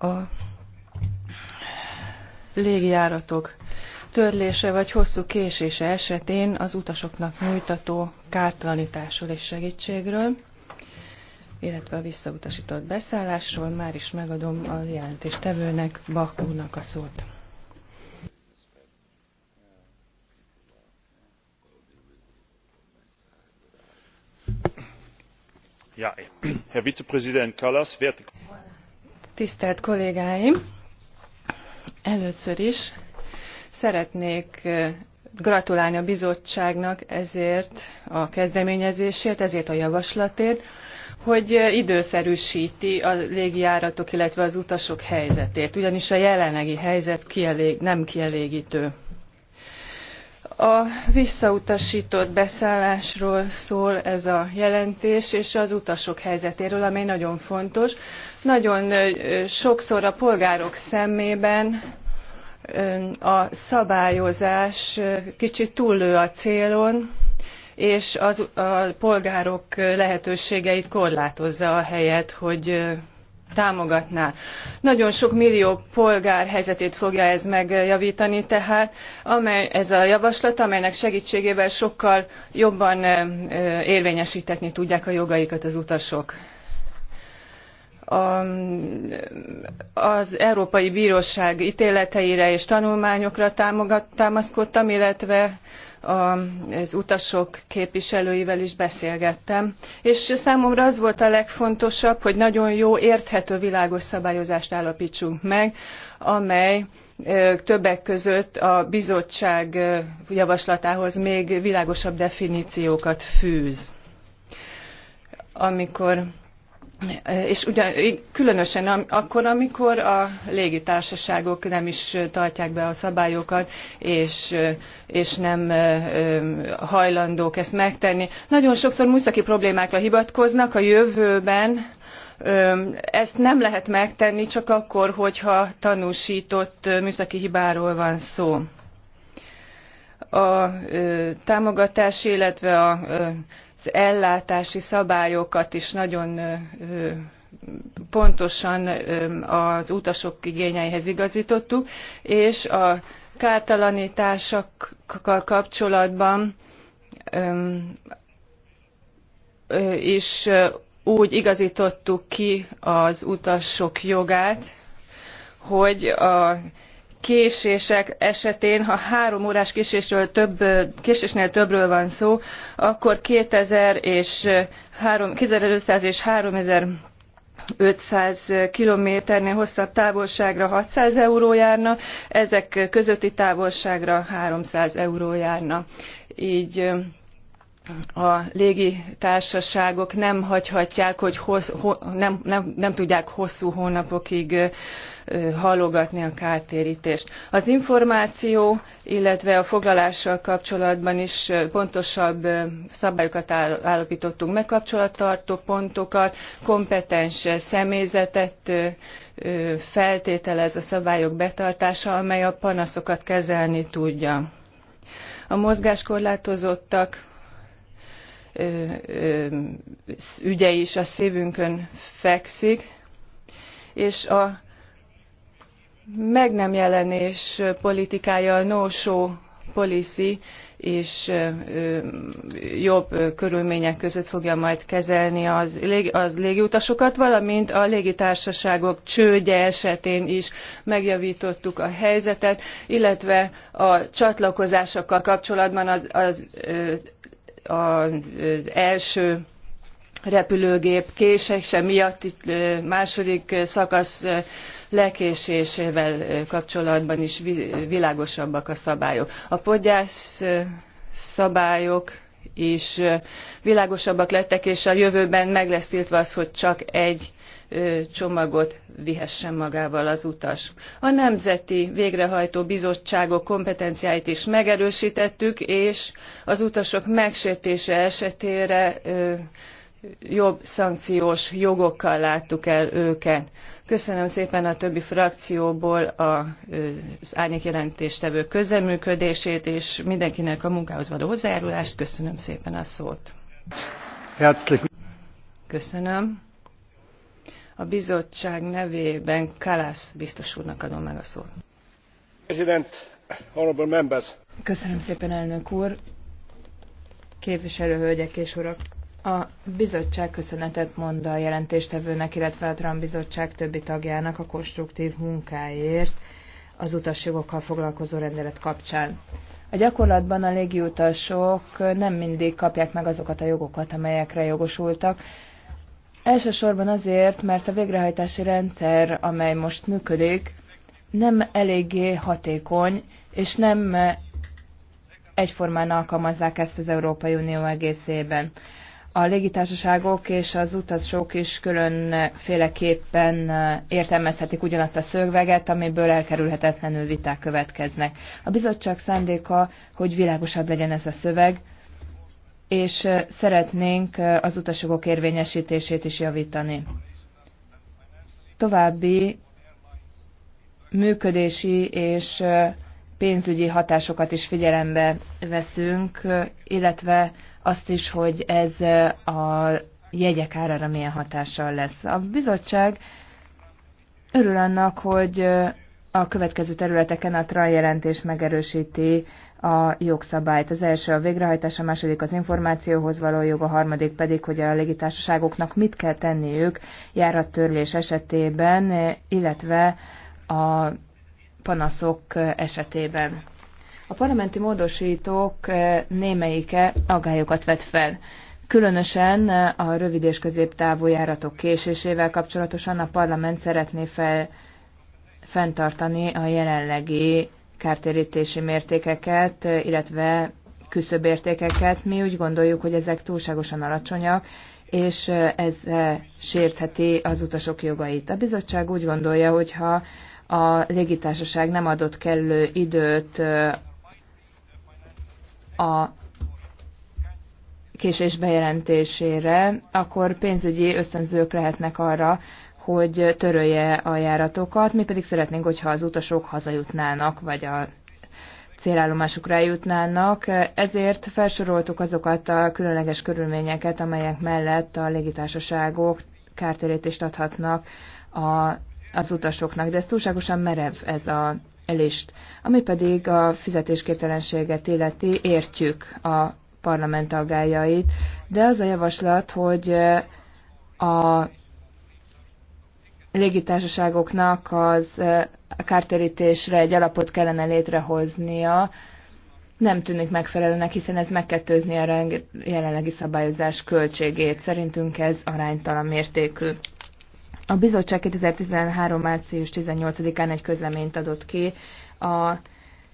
a légjáratok törlése vagy hosszú késése esetén az utasoknak nyújtató kártalanításról és segítségről, illetve a visszautasított beszállásról már is megadom a jelentéstevőnek, Bakúnak a szót. Ja, Herr Vizepräsident Kallas, werte Tisztelt kollégáim! Először is szeretnék gratulálni a bizottságnak ezért a kezdeményezésért, ezért a javaslatért, hogy időszerűsíti a légijáratok, illetve az utasok helyzetét, ugyanis a jelenlegi helyzet kielég, nem kielégítő. A visszautasított beszállásról szól ez a jelentés, és az utasok helyzetéről, amely nagyon fontos. Nagyon sokszor a polgárok szemében a szabályozás kicsit túllő a célon, és az, a polgárok lehetőségeit korlátozza a helyet, hogy támogatná. Nagyon sok millió polgár helyzetét fogja ez megjavítani tehát, amely, ez a javaslat, amelynek segítségével sokkal jobban érvényesítetni tudják a jogaikat az utasok. A, az Európai Bíróság ítéleteire és tanulmányokra támogat, támaszkodtam, illetve az utasok képviselőivel is beszélgettem, és számomra az volt a legfontosabb, hogy nagyon jó, érthető, világos szabályozást állapítsunk meg, amely többek között a bizottság javaslatához még világosabb definíciókat fűz. Amikor és ugyan, különösen akkor, amikor a légitársaságok nem is tartják be a szabályokat, és, és nem hajlandók ezt megtenni. Nagyon sokszor műszaki problémákra hivatkoznak a jövőben, ezt nem lehet megtenni csak akkor, hogyha tanúsított műszaki hibáról van szó. A támogatás, illetve a az ellátási szabályokat is nagyon pontosan az utasok igényeihez igazítottuk, és a kártalanításokkal kapcsolatban is úgy igazítottuk ki az utasok jogát, hogy a késések esetén, ha három órás késésről több, késésnél többről van szó, akkor 2000 és 3, 2500 és 3000 500 kilométernél hosszabb távolságra 600 euró járna, ezek közötti távolságra 300 euró járna. Így a társaságok nem hagyhatják, hogy hossz, ho, nem, nem, nem tudják hosszú hónapokig halogatni a kártérítést. Az információ, illetve a foglalással kapcsolatban is pontosabb szabályokat állapítottunk meg, kapcsolattartó pontokat, kompetens személyzetet feltételez a szabályok betartása, amely a panaszokat kezelni tudja. A mozgáskorlátozottak ügye is a szívünkön fekszik, és a meg nem jelenés politikája, a no-show policy és jobb körülmények között fogja majd kezelni az, az légiutasokat, valamint a légitársaságok csődje esetén is megjavítottuk a helyzetet, illetve a csatlakozásokkal kapcsolatban az, az az első repülőgép késése miatt itt második szakasz lekésésével kapcsolatban is világosabbak a szabályok. A podgyász szabályok is világosabbak lettek, és a jövőben meg lesz tiltva az, hogy csak egy csomagot vihessen magával az utas. A nemzeti végrehajtó bizottságok kompetenciáit is megerősítettük, és az utasok megsértése esetére jobb szankciós jogokkal láttuk el őket. Köszönöm szépen a többi frakcióból az jelentéstevő közeműködését, és mindenkinek a munkához való hozzájárulást. Köszönöm szépen a szót. Köszönöm. A bizottság nevében Kalász biztos úrnak adom meg a szót. President, honorable members. Köszönöm szépen, elnök úr. Képviselőhölgyek és urak, a bizottság köszönetet mond a jelentéstevőnek, illetve a Trump bizottság többi tagjának a konstruktív munkáért az utasjogokkal foglalkozó rendelet kapcsán. A gyakorlatban a légiutasok nem mindig kapják meg azokat a jogokat, amelyekre jogosultak, Elsősorban azért, mert a végrehajtási rendszer, amely most működik, nem eléggé hatékony, és nem egyformán alkalmazzák ezt az Európai Unió egészében. A légitársaságok és az utasok is különféleképpen értelmezhetik ugyanazt a szöveget, amiből elkerülhetetlenül viták következnek. A bizottság szándéka, hogy világosabb legyen ez a szöveg, és szeretnénk az utasjogok érvényesítését is javítani. További működési és pénzügyi hatásokat is figyelembe veszünk, illetve azt is, hogy ez a jegyek árára milyen hatással lesz. A bizottság örül annak, hogy a következő területeken a TRAN megerősíti a jogszabályt. Az első a végrehajtás, a második az információhoz való jog, a harmadik pedig, hogy a légitársaságoknak mit kell tenniük járattörlés esetében, illetve a panaszok esetében. A parlamenti módosítók némelyike agályokat vet fel. Különösen a rövid és középtávú járatok késésével kapcsolatosan a parlament szeretné fel, fenntartani a jelenlegi kártérítési mértékeket, illetve küszöbértékeket. Mi úgy gondoljuk, hogy ezek túlságosan alacsonyak, és ez sértheti az utasok jogait. A bizottság úgy gondolja, hogy ha a légitársaság nem adott kellő időt a késés bejelentésére, akkor pénzügyi ösztönzők lehetnek arra, hogy törölje a járatokat, mi pedig szeretnénk, hogyha az utasok hazajutnának, vagy a célállomásukra jutnának, ezért felsoroltuk azokat a különleges körülményeket, amelyek mellett a légitársaságok kártérítést adhatnak a, az utasoknak, de ez túlságosan merev ez a list. Ami pedig a fizetésképtelenséget illeti, értjük a parlament aggájait, de az a javaslat, hogy a légitársaságoknak az kártérítésre egy alapot kellene létrehoznia, nem tűnik megfelelőnek, hiszen ez megkettőzni a jelenlegi szabályozás költségét. Szerintünk ez aránytalan mértékű. A bizottság 2013. március 18-án egy közleményt adott ki a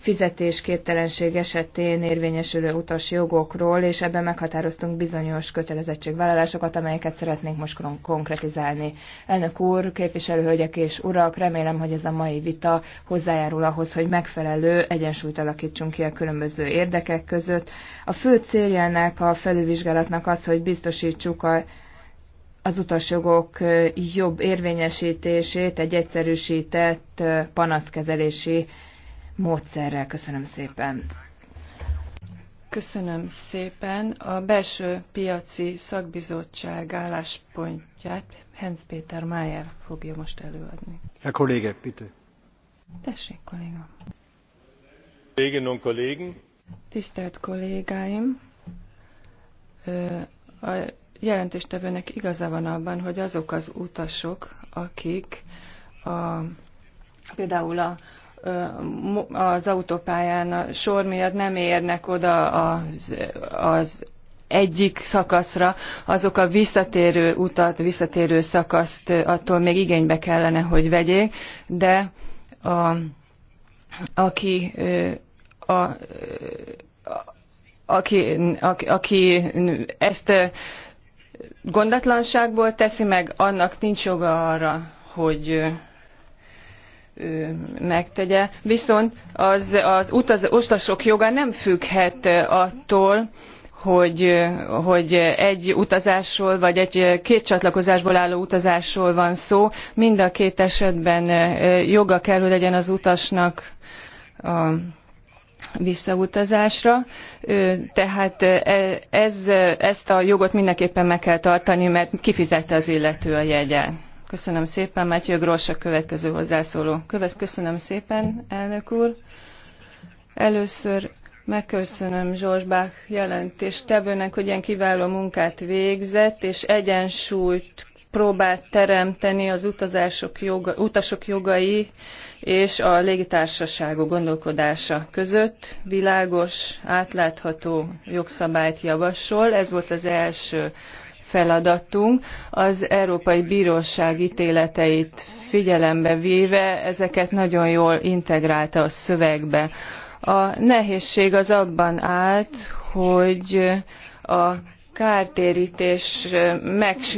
fizetésképtelenség esetén érvényesülő utas jogokról, és ebben meghatároztunk bizonyos kötelezettségvállalásokat, amelyeket szeretnénk most konkretizálni. Elnök úr, képviselőhölgyek és urak, remélem, hogy ez a mai vita hozzájárul ahhoz, hogy megfelelő egyensúlyt alakítsunk ki a különböző érdekek között. A fő céljának a felülvizsgálatnak az, hogy biztosítsuk a az utasjogok jobb érvényesítését egy egyszerűsített panaszkezelési módszerrel. Köszönöm szépen. Köszönöm szépen. A belső piaci szakbizottság álláspontját Hans Péter Májer fogja most előadni. Herr Kollege, bitte. Tessék, kolléga. Kolléginnen und Kollegen. Tisztelt kollégáim! A jelentéstevőnek igaza van abban, hogy azok az utasok, akik a, például a az autópályán a sor miatt nem érnek oda az, az egyik szakaszra, azok a visszatérő utat, visszatérő szakaszt attól még igénybe kellene, hogy vegyék, de a, aki a, a, aki, aki, aki ezt gondatlanságból teszi meg, annak nincs joga arra, hogy megtegye. Viszont az, az utaz, utasok joga nem függhet attól, hogy, hogy egy utazásról, vagy egy két csatlakozásból álló utazásról van szó. Mind a két esetben joga kell, hogy legyen az utasnak a visszautazásra. Tehát e, ez, ezt a jogot mindenképpen meg kell tartani, mert kifizette az illető a jegyet. Köszönöm szépen, Mátyő Gross a következő hozzászóló. köves köszönöm szépen, elnök úr. Először megköszönöm Zsors Bach jelentéstevőnek, hogy ilyen kiváló munkát végzett, és egyensúlyt próbált teremteni az utazások joga, utasok jogai és a légitársaságok gondolkodása között. Világos, átlátható jogszabályt javasol. Ez volt az első feladatunk az Európai Bíróság ítéleteit figyelembe véve ezeket nagyon jól integrálta a szövegbe. A nehézség az abban állt, hogy a kártérítés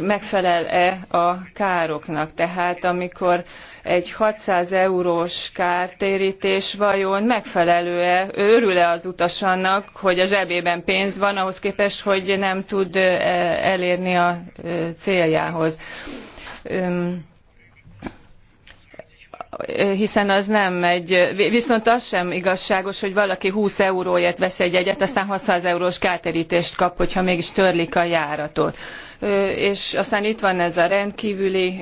megfelel-e a károknak. Tehát amikor egy 600 eurós kártérítés vajon megfelelő-e, örül-e az utas annak, hogy a zsebében pénz van, ahhoz képest, hogy nem tud elérni a céljához hiszen az nem egy, viszont az sem igazságos, hogy valaki 20 euróért vesz egy jegyet, aztán 600 eurós kártérítést kap, hogyha mégis törlik a járatot és aztán itt van ez a rendkívüli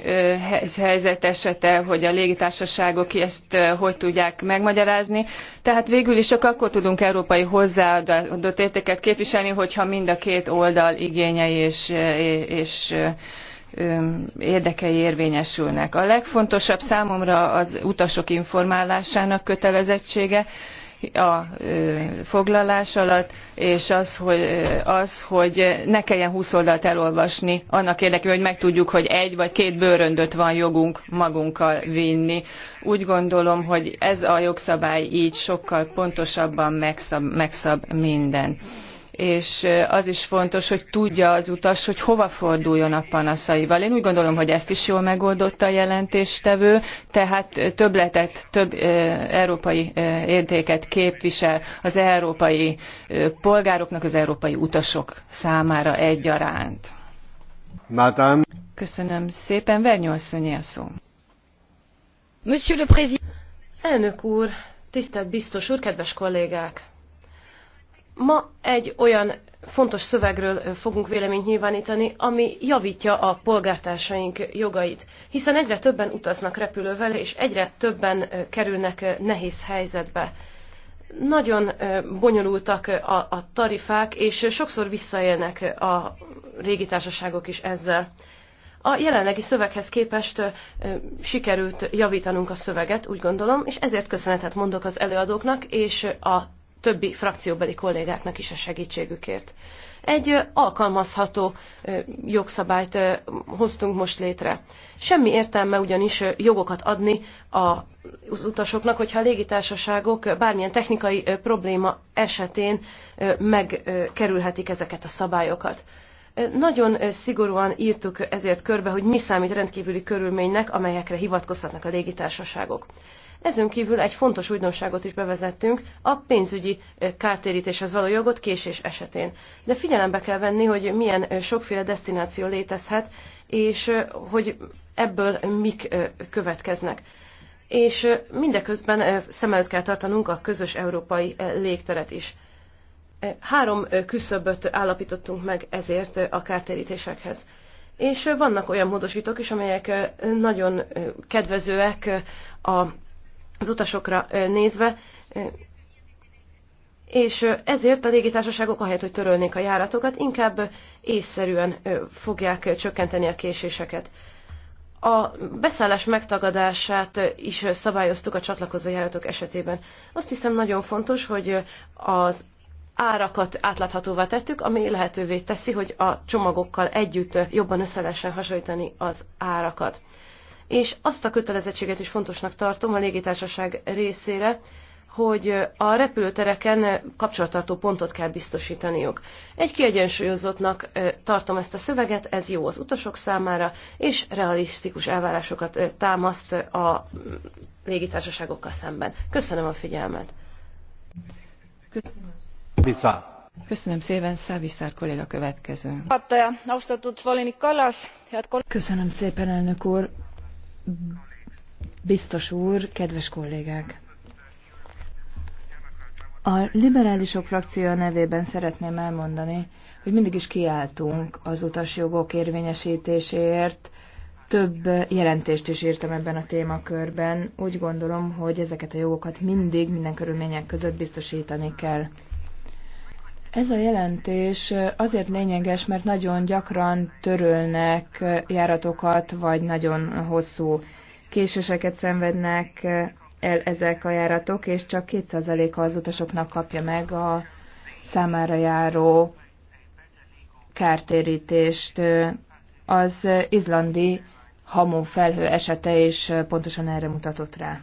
helyzet esete, hogy a légitársaságok ezt hogy tudják megmagyarázni. Tehát végül is csak akkor tudunk európai hozzáadott értéket képviselni, hogyha mind a két oldal igényei és, és érdekei érvényesülnek. A legfontosabb számomra az utasok informálásának kötelezettsége, a foglalás alatt, és az, hogy, az, hogy ne kelljen 20 oldalt elolvasni, annak érdekében, hogy megtudjuk, hogy egy vagy két bőröndöt van jogunk magunkkal vinni. Úgy gondolom, hogy ez a jogszabály így sokkal pontosabban megszab, megszab minden és az is fontos, hogy tudja az utas, hogy hova forduljon a panaszaival. Én úgy gondolom, hogy ezt is jól megoldotta a jelentéstevő, tehát többletet, több európai értéket képvisel az európai polgároknak, az európai utasok számára egyaránt. Madame. Köszönöm szépen. Vernyolszonyi a szó. Monsieur le Président. Elnök úr, tisztelt biztos úr, kedves kollégák! Ma egy olyan fontos szövegről fogunk véleményt nyilvánítani, ami javítja a polgártársaink jogait, hiszen egyre többen utaznak repülővel, és egyre többen kerülnek nehéz helyzetbe. Nagyon bonyolultak a, tarifák, és sokszor visszaélnek a régi társaságok is ezzel. A jelenlegi szöveghez képest sikerült javítanunk a szöveget, úgy gondolom, és ezért köszönetet mondok az előadóknak és a többi frakcióbeli kollégáknak is a segítségükért. Egy alkalmazható jogszabályt hoztunk most létre. Semmi értelme ugyanis jogokat adni az utasoknak, hogyha a légitársaságok bármilyen technikai probléma esetén megkerülhetik ezeket a szabályokat. Nagyon szigorúan írtuk ezért körbe, hogy mi számít rendkívüli körülménynek, amelyekre hivatkozhatnak a légitársaságok. Ezen kívül egy fontos újdonságot is bevezettünk, a pénzügyi kártérítéshez való jogot késés esetén. De figyelembe kell venni, hogy milyen sokféle destináció létezhet, és hogy ebből mik következnek. És mindeközben szem előtt kell tartanunk a közös európai légteret is. Három küszöböt állapítottunk meg ezért a kártérítésekhez. És vannak olyan módosítók is, amelyek nagyon kedvezőek a az utasokra nézve, és ezért a légitársaságok ahelyett, hogy törölnék a járatokat, inkább észszerűen fogják csökkenteni a késéseket. A beszállás megtagadását is szabályoztuk a csatlakozó járatok esetében. Azt hiszem nagyon fontos, hogy az árakat átláthatóvá tettük, ami lehetővé teszi, hogy a csomagokkal együtt jobban össze lehessen hasonlítani az árakat és azt a kötelezettséget is fontosnak tartom a légitársaság részére, hogy a repülőtereken kapcsolattartó pontot kell biztosítaniuk. Egy kiegyensúlyozottnak tartom ezt a szöveget, ez jó az utasok számára, és realisztikus elvárásokat támaszt a légitársaságokkal szemben. Köszönöm a figyelmet. Köszönöm. Bica. Köszönöm szépen, Száviszár kolléga következő. Köszönöm szépen, elnök úr. Biztos úr, kedves kollégák! A liberálisok frakciója nevében szeretném elmondani, hogy mindig is kiálltunk az utasjogok érvényesítéséért. Több jelentést is írtam ebben a témakörben. Úgy gondolom, hogy ezeket a jogokat mindig, minden körülmények között biztosítani kell. Ez a jelentés azért lényeges, mert nagyon gyakran törölnek járatokat, vagy nagyon hosszú késéseket szenvednek el ezek a járatok, és csak 2%-a az utasoknak kapja meg a számára járó kártérítést. Az izlandi hamú felhő esete is pontosan erre mutatott rá.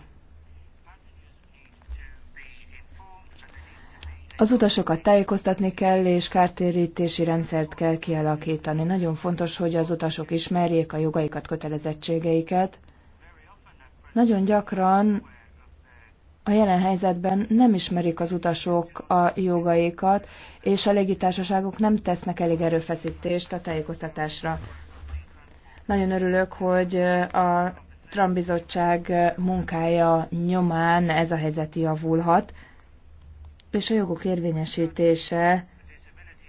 Az utasokat tájékoztatni kell, és kártérítési rendszert kell kialakítani. Nagyon fontos, hogy az utasok ismerjék a jogaikat, kötelezettségeiket. Nagyon gyakran a jelen helyzetben nem ismerik az utasok a jogaikat, és a légitársaságok nem tesznek elég erőfeszítést a tájékoztatásra. Nagyon örülök, hogy a Trump bizottság munkája nyomán ez a helyzet javulhat és a jogok érvényesítése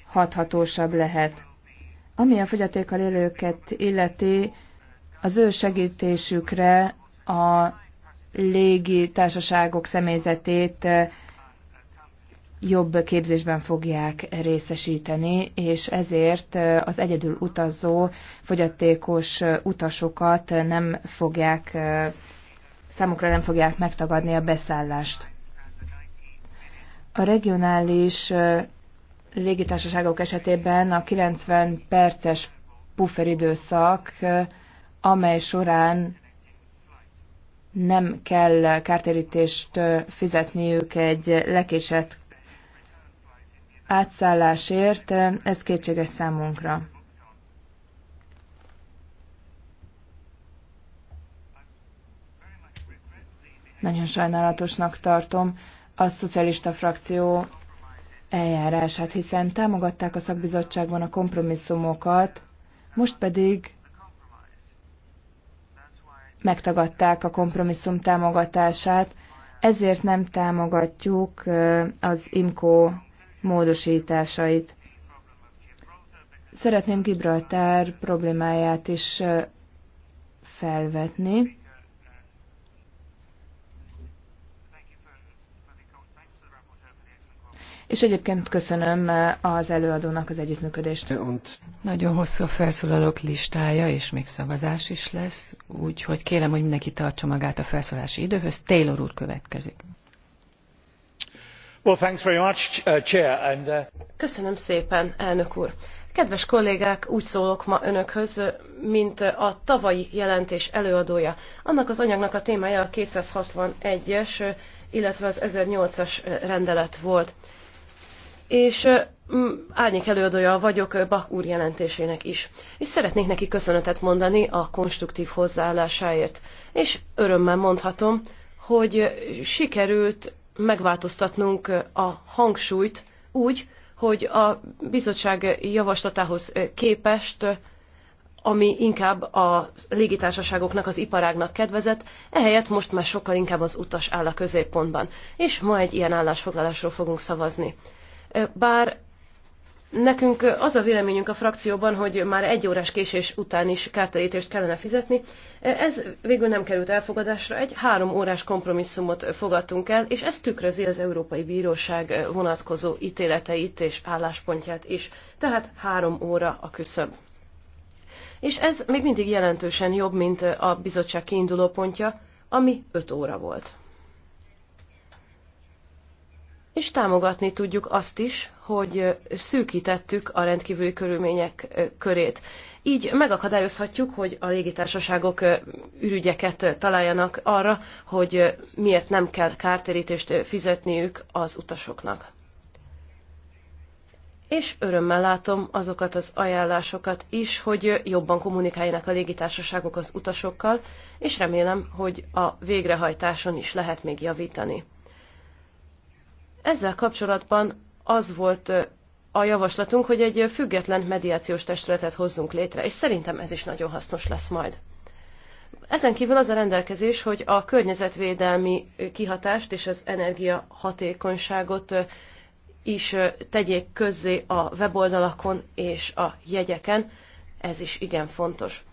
hathatósabb lehet. Ami a fogyatékkal élőket illeti, az ő segítésükre a légi társaságok személyzetét eh, jobb képzésben fogják részesíteni, és ezért eh, az egyedül utazó fogyatékos eh, utasokat nem fogják, számukra nem fogják megtagadni a beszállást. A regionális légitársaságok esetében a 90 perces pufferidőszak, amely során nem kell kártérítést fizetniük egy lekésett átszállásért, ez kétséges számunkra. Nagyon sajnálatosnak tartom, a szocialista frakció eljárását, hiszen támogatták a szakbizottságban a kompromisszumokat, most pedig megtagadták a kompromisszum támogatását, ezért nem támogatjuk az IMCO módosításait. Szeretném Gibraltár problémáját is felvetni. és egyébként köszönöm az előadónak az együttműködést. Nagyon hosszú a felszólalók listája, és még szavazás is lesz, úgyhogy kérem, hogy mindenki tartsa magát a felszólási időhöz. Taylor úr következik. Well, thanks very much, uh, chair, and, uh... Köszönöm szépen, elnök úr. Kedves kollégák, úgy szólok ma önökhöz, mint a tavalyi jelentés előadója. Annak az anyagnak a témája a 261-es, illetve az 1008-as rendelet volt és árnyék előadója vagyok Bach úr jelentésének is. És szeretnék neki köszönetet mondani a konstruktív hozzáállásáért. És örömmel mondhatom, hogy sikerült megváltoztatnunk a hangsúlyt úgy, hogy a bizottság javaslatához képest, ami inkább a légitársaságoknak, az iparágnak kedvezett, ehelyett most már sokkal inkább az utas áll a középpontban. És ma egy ilyen állásfoglalásról fogunk szavazni bár Nekünk az a véleményünk a frakcióban, hogy már egy órás késés után is kártelítést kellene fizetni. Ez végül nem került elfogadásra, egy három órás kompromisszumot fogadtunk el, és ez tükrözi az Európai Bíróság vonatkozó ítéleteit és álláspontját is. Tehát három óra a küszöb. És ez még mindig jelentősen jobb, mint a bizottság kiinduló pontja, ami öt óra volt és támogatni tudjuk azt is, hogy szűkítettük a rendkívüli körülmények körét. Így megakadályozhatjuk, hogy a légitársaságok ürügyeket találjanak arra, hogy miért nem kell kártérítést fizetniük az utasoknak. És örömmel látom azokat az ajánlásokat is, hogy jobban kommunikáljanak a légitársaságok az utasokkal, és remélem, hogy a végrehajtáson is lehet még javítani. Ezzel kapcsolatban az volt a javaslatunk, hogy egy független mediációs testületet hozzunk létre, és szerintem ez is nagyon hasznos lesz majd. Ezen kívül az a rendelkezés, hogy a környezetvédelmi kihatást és az energia hatékonyságot is tegyék közzé a weboldalakon és a jegyeken, ez is igen fontos.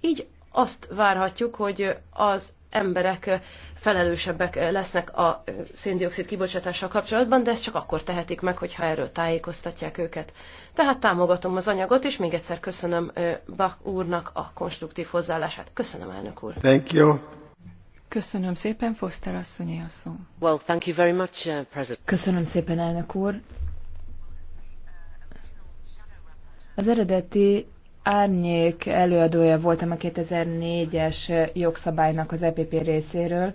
Így azt várhatjuk, hogy az emberek felelősebbek lesznek a széndiokszid kibocsátással kapcsolatban, de ezt csak akkor tehetik meg, hogyha erről tájékoztatják őket. Tehát támogatom az anyagot, és még egyszer köszönöm Bach úrnak a konstruktív hozzáállását. Köszönöm, elnök úr. Thank you. Köszönöm szépen, Foster asszonyi a szó. Well, thank you very much, uh, President. Köszönöm szépen, elnök úr. Az eredeti árnyék előadója voltam a 2004-es jogszabálynak az EPP részéről,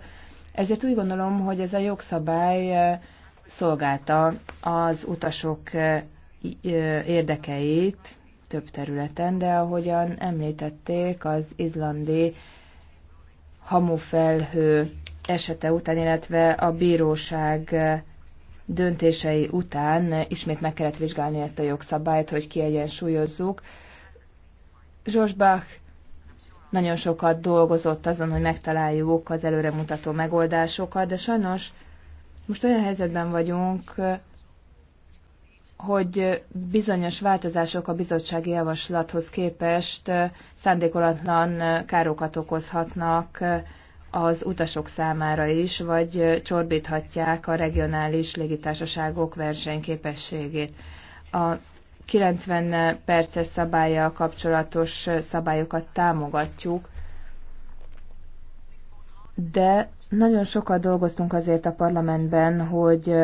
ezért úgy gondolom, hogy ez a jogszabály szolgálta az utasok érdekeit több területen, de ahogyan említették, az izlandi hamufelhő esete után, illetve a bíróság döntései után ismét meg kellett vizsgálni ezt a jogszabályt, hogy kiegyensúlyozzuk, Zsosbach nagyon sokat dolgozott azon, hogy megtaláljuk az előremutató megoldásokat, de sajnos most olyan helyzetben vagyunk, hogy bizonyos változások a bizottsági javaslathoz képest szándékolatlan károkat okozhatnak az utasok számára is, vagy csorbíthatják a regionális légitársaságok versenyképességét. A 90 perces szabálya kapcsolatos szabályokat támogatjuk, de nagyon sokat dolgoztunk azért a parlamentben, hogy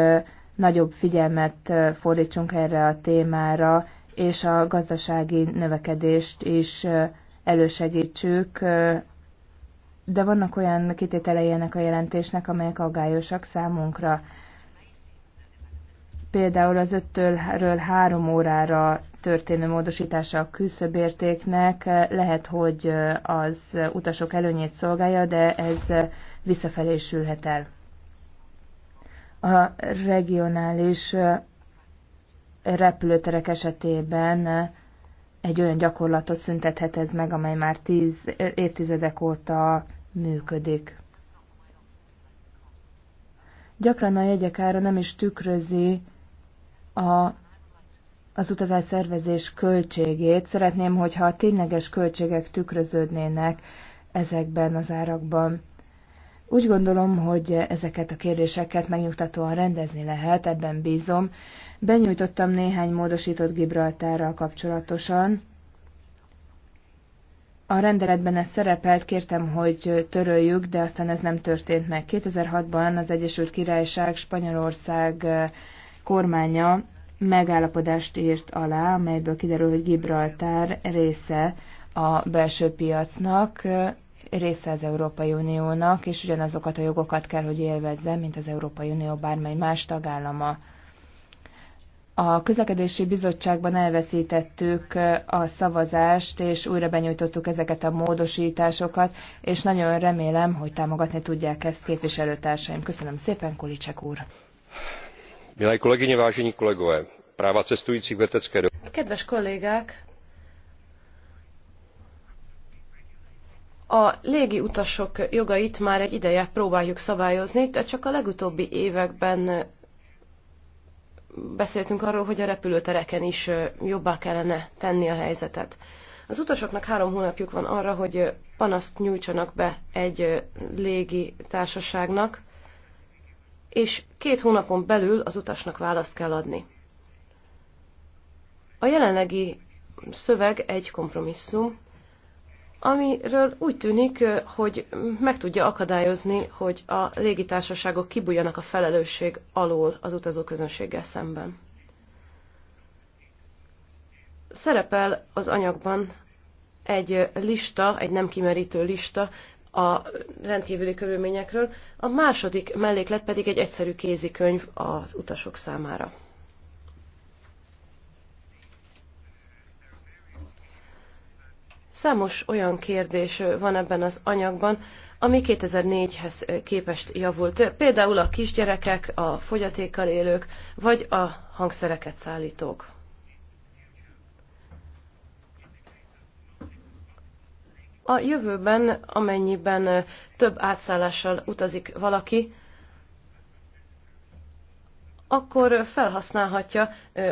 nagyobb figyelmet fordítsunk erre a témára, és a gazdasági növekedést is elősegítsük, de vannak olyan kitételei ennek a jelentésnek, amelyek aggályosak számunkra például az 5-ről 3 órára történő módosítása a küszöbértéknek eh, lehet, hogy eh, az utasok előnyét szolgálja, de ez eh, visszafelé sülhet el. A regionális repülőterek esetében egy olyan gyakorlatot szüntethet ez meg, amely már tíz évtizedek óta működik. Gyakran a jegyek ára nem is tükrözi a, az utazás szervezés költségét. Szeretném, hogyha a tényleges költségek tükröződnének ezekben az árakban. Úgy gondolom, hogy ezeket a kérdéseket megnyugtatóan rendezni lehet, ebben bízom. Benyújtottam néhány módosított Gibraltárral kapcsolatosan. A rendeletben ez szerepelt, kértem, hogy töröljük, de aztán ez nem történt meg. 2006-ban az Egyesült Királyság Spanyolország kormánya megállapodást írt alá, amelyből kiderül, hogy Gibraltár része a belső piacnak, része az Európai Uniónak, és ugyanazokat a jogokat kell, hogy élvezze, mint az Európai Unió bármely más tagállama. A közlekedési bizottságban elveszítettük a szavazást, és újra benyújtottuk ezeket a módosításokat, és nagyon remélem, hogy támogatni tudják ezt képviselőtársaim. Köszönöm szépen, Kulicsek úr! milé kolegyně vážení kolegové práva cestujících v letecké dopravě. kedves kollégák! A légi utasok jogait már egy ideje próbáljuk szabályozni, de csak a legutóbbi években beszéltünk arról, hogy a repülőtereken is jobbá kellene tenni a helyzetet. Az utasoknak három hónapjuk van arra, hogy panaszt nyújtsanak be egy légi társaságnak, és két hónapon belül az utasnak választ kell adni. A jelenlegi szöveg egy kompromisszum, amiről úgy tűnik, hogy meg tudja akadályozni, hogy a légitársaságok kibújjanak a felelősség alól az közönséggel szemben. Szerepel az anyagban egy lista, egy nem kimerítő lista a rendkívüli körülményekről, a második melléklet pedig egy egyszerű kézikönyv az utasok számára. Számos olyan kérdés van ebben az anyagban, ami 2004-hez képest javult. Például a kisgyerekek, a fogyatékkal élők, vagy a hangszereket szállítók. A jövőben, amennyiben több átszállással utazik valaki, akkor felhasználhatja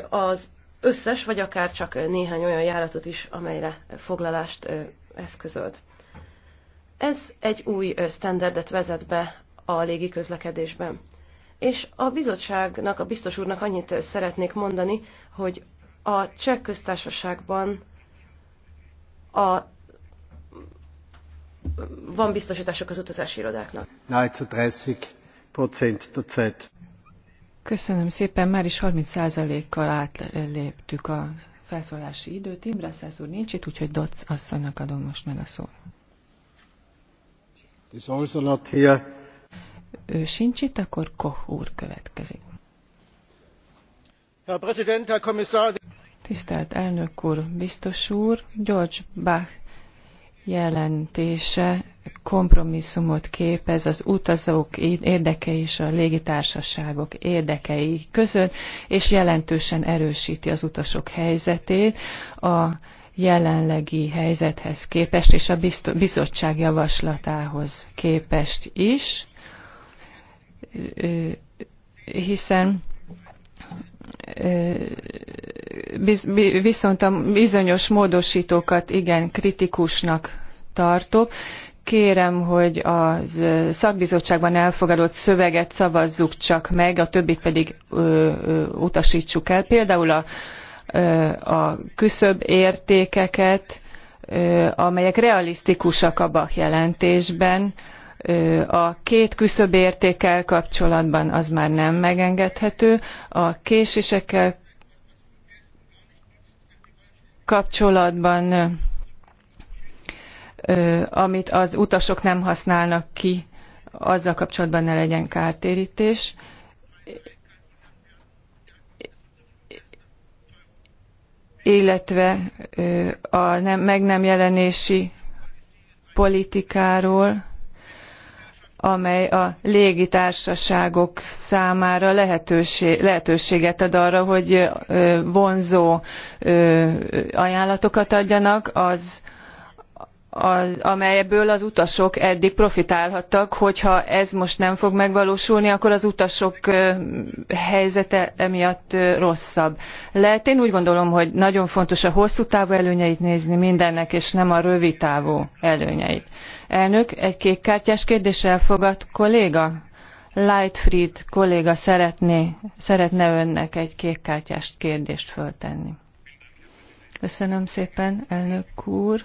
az összes, vagy akár csak néhány olyan járatot is, amelyre foglalást eszközölt. Ez egy új standardet vezet be a légi közlekedésben. És a bizottságnak, a biztos úrnak annyit szeretnék mondani, hogy a cseh köztársaságban a van biztosítások az utazási irodáknak. Köszönöm szépen, már is 30%-kal átléptük a felszólási időt. Imre úr nincs itt, úgyhogy Doc asszonynak adom most meg a szót. Ő sincs itt, akkor Koch úr következik. Herr Herr Tisztelt elnök úr, biztos úr, George Bach jelentése kompromisszumot képez az utazók érdeke és a légitársaságok érdekei között, és jelentősen erősíti az utasok helyzetét a jelenlegi helyzethez képest, és a bizottság javaslatához képest is, hiszen viszont a bizonyos módosítókat igen kritikusnak tartok. Kérem, hogy a szakbizottságban elfogadott szöveget szavazzuk csak meg, a többit pedig ö, utasítsuk el. Például a, a küszöbb értékeket, amelyek realisztikusak a BAK jelentésben, a két küszöbértékkel kapcsolatban az már nem megengedhető. A késésekkel kapcsolatban, amit az utasok nem használnak ki, azzal kapcsolatban ne legyen kártérítés. illetve a nem, meg nem jelenési politikáról amely a légitársaságok számára lehetőséget ad arra, hogy vonzó ajánlatokat adjanak, az az, amelyből az utasok eddig profitálhattak, hogyha ez most nem fog megvalósulni, akkor az utasok helyzete emiatt rosszabb Lehet, Én úgy gondolom, hogy nagyon fontos a hosszú távú előnyeit nézni mindennek, és nem a rövid távú előnyeit. Elnök, egy kékkártyás kérdésre elfogad kolléga? Lightfried kolléga szeretné, szeretne önnek egy kékkártyás kérdést föltenni. Köszönöm szépen, elnök úr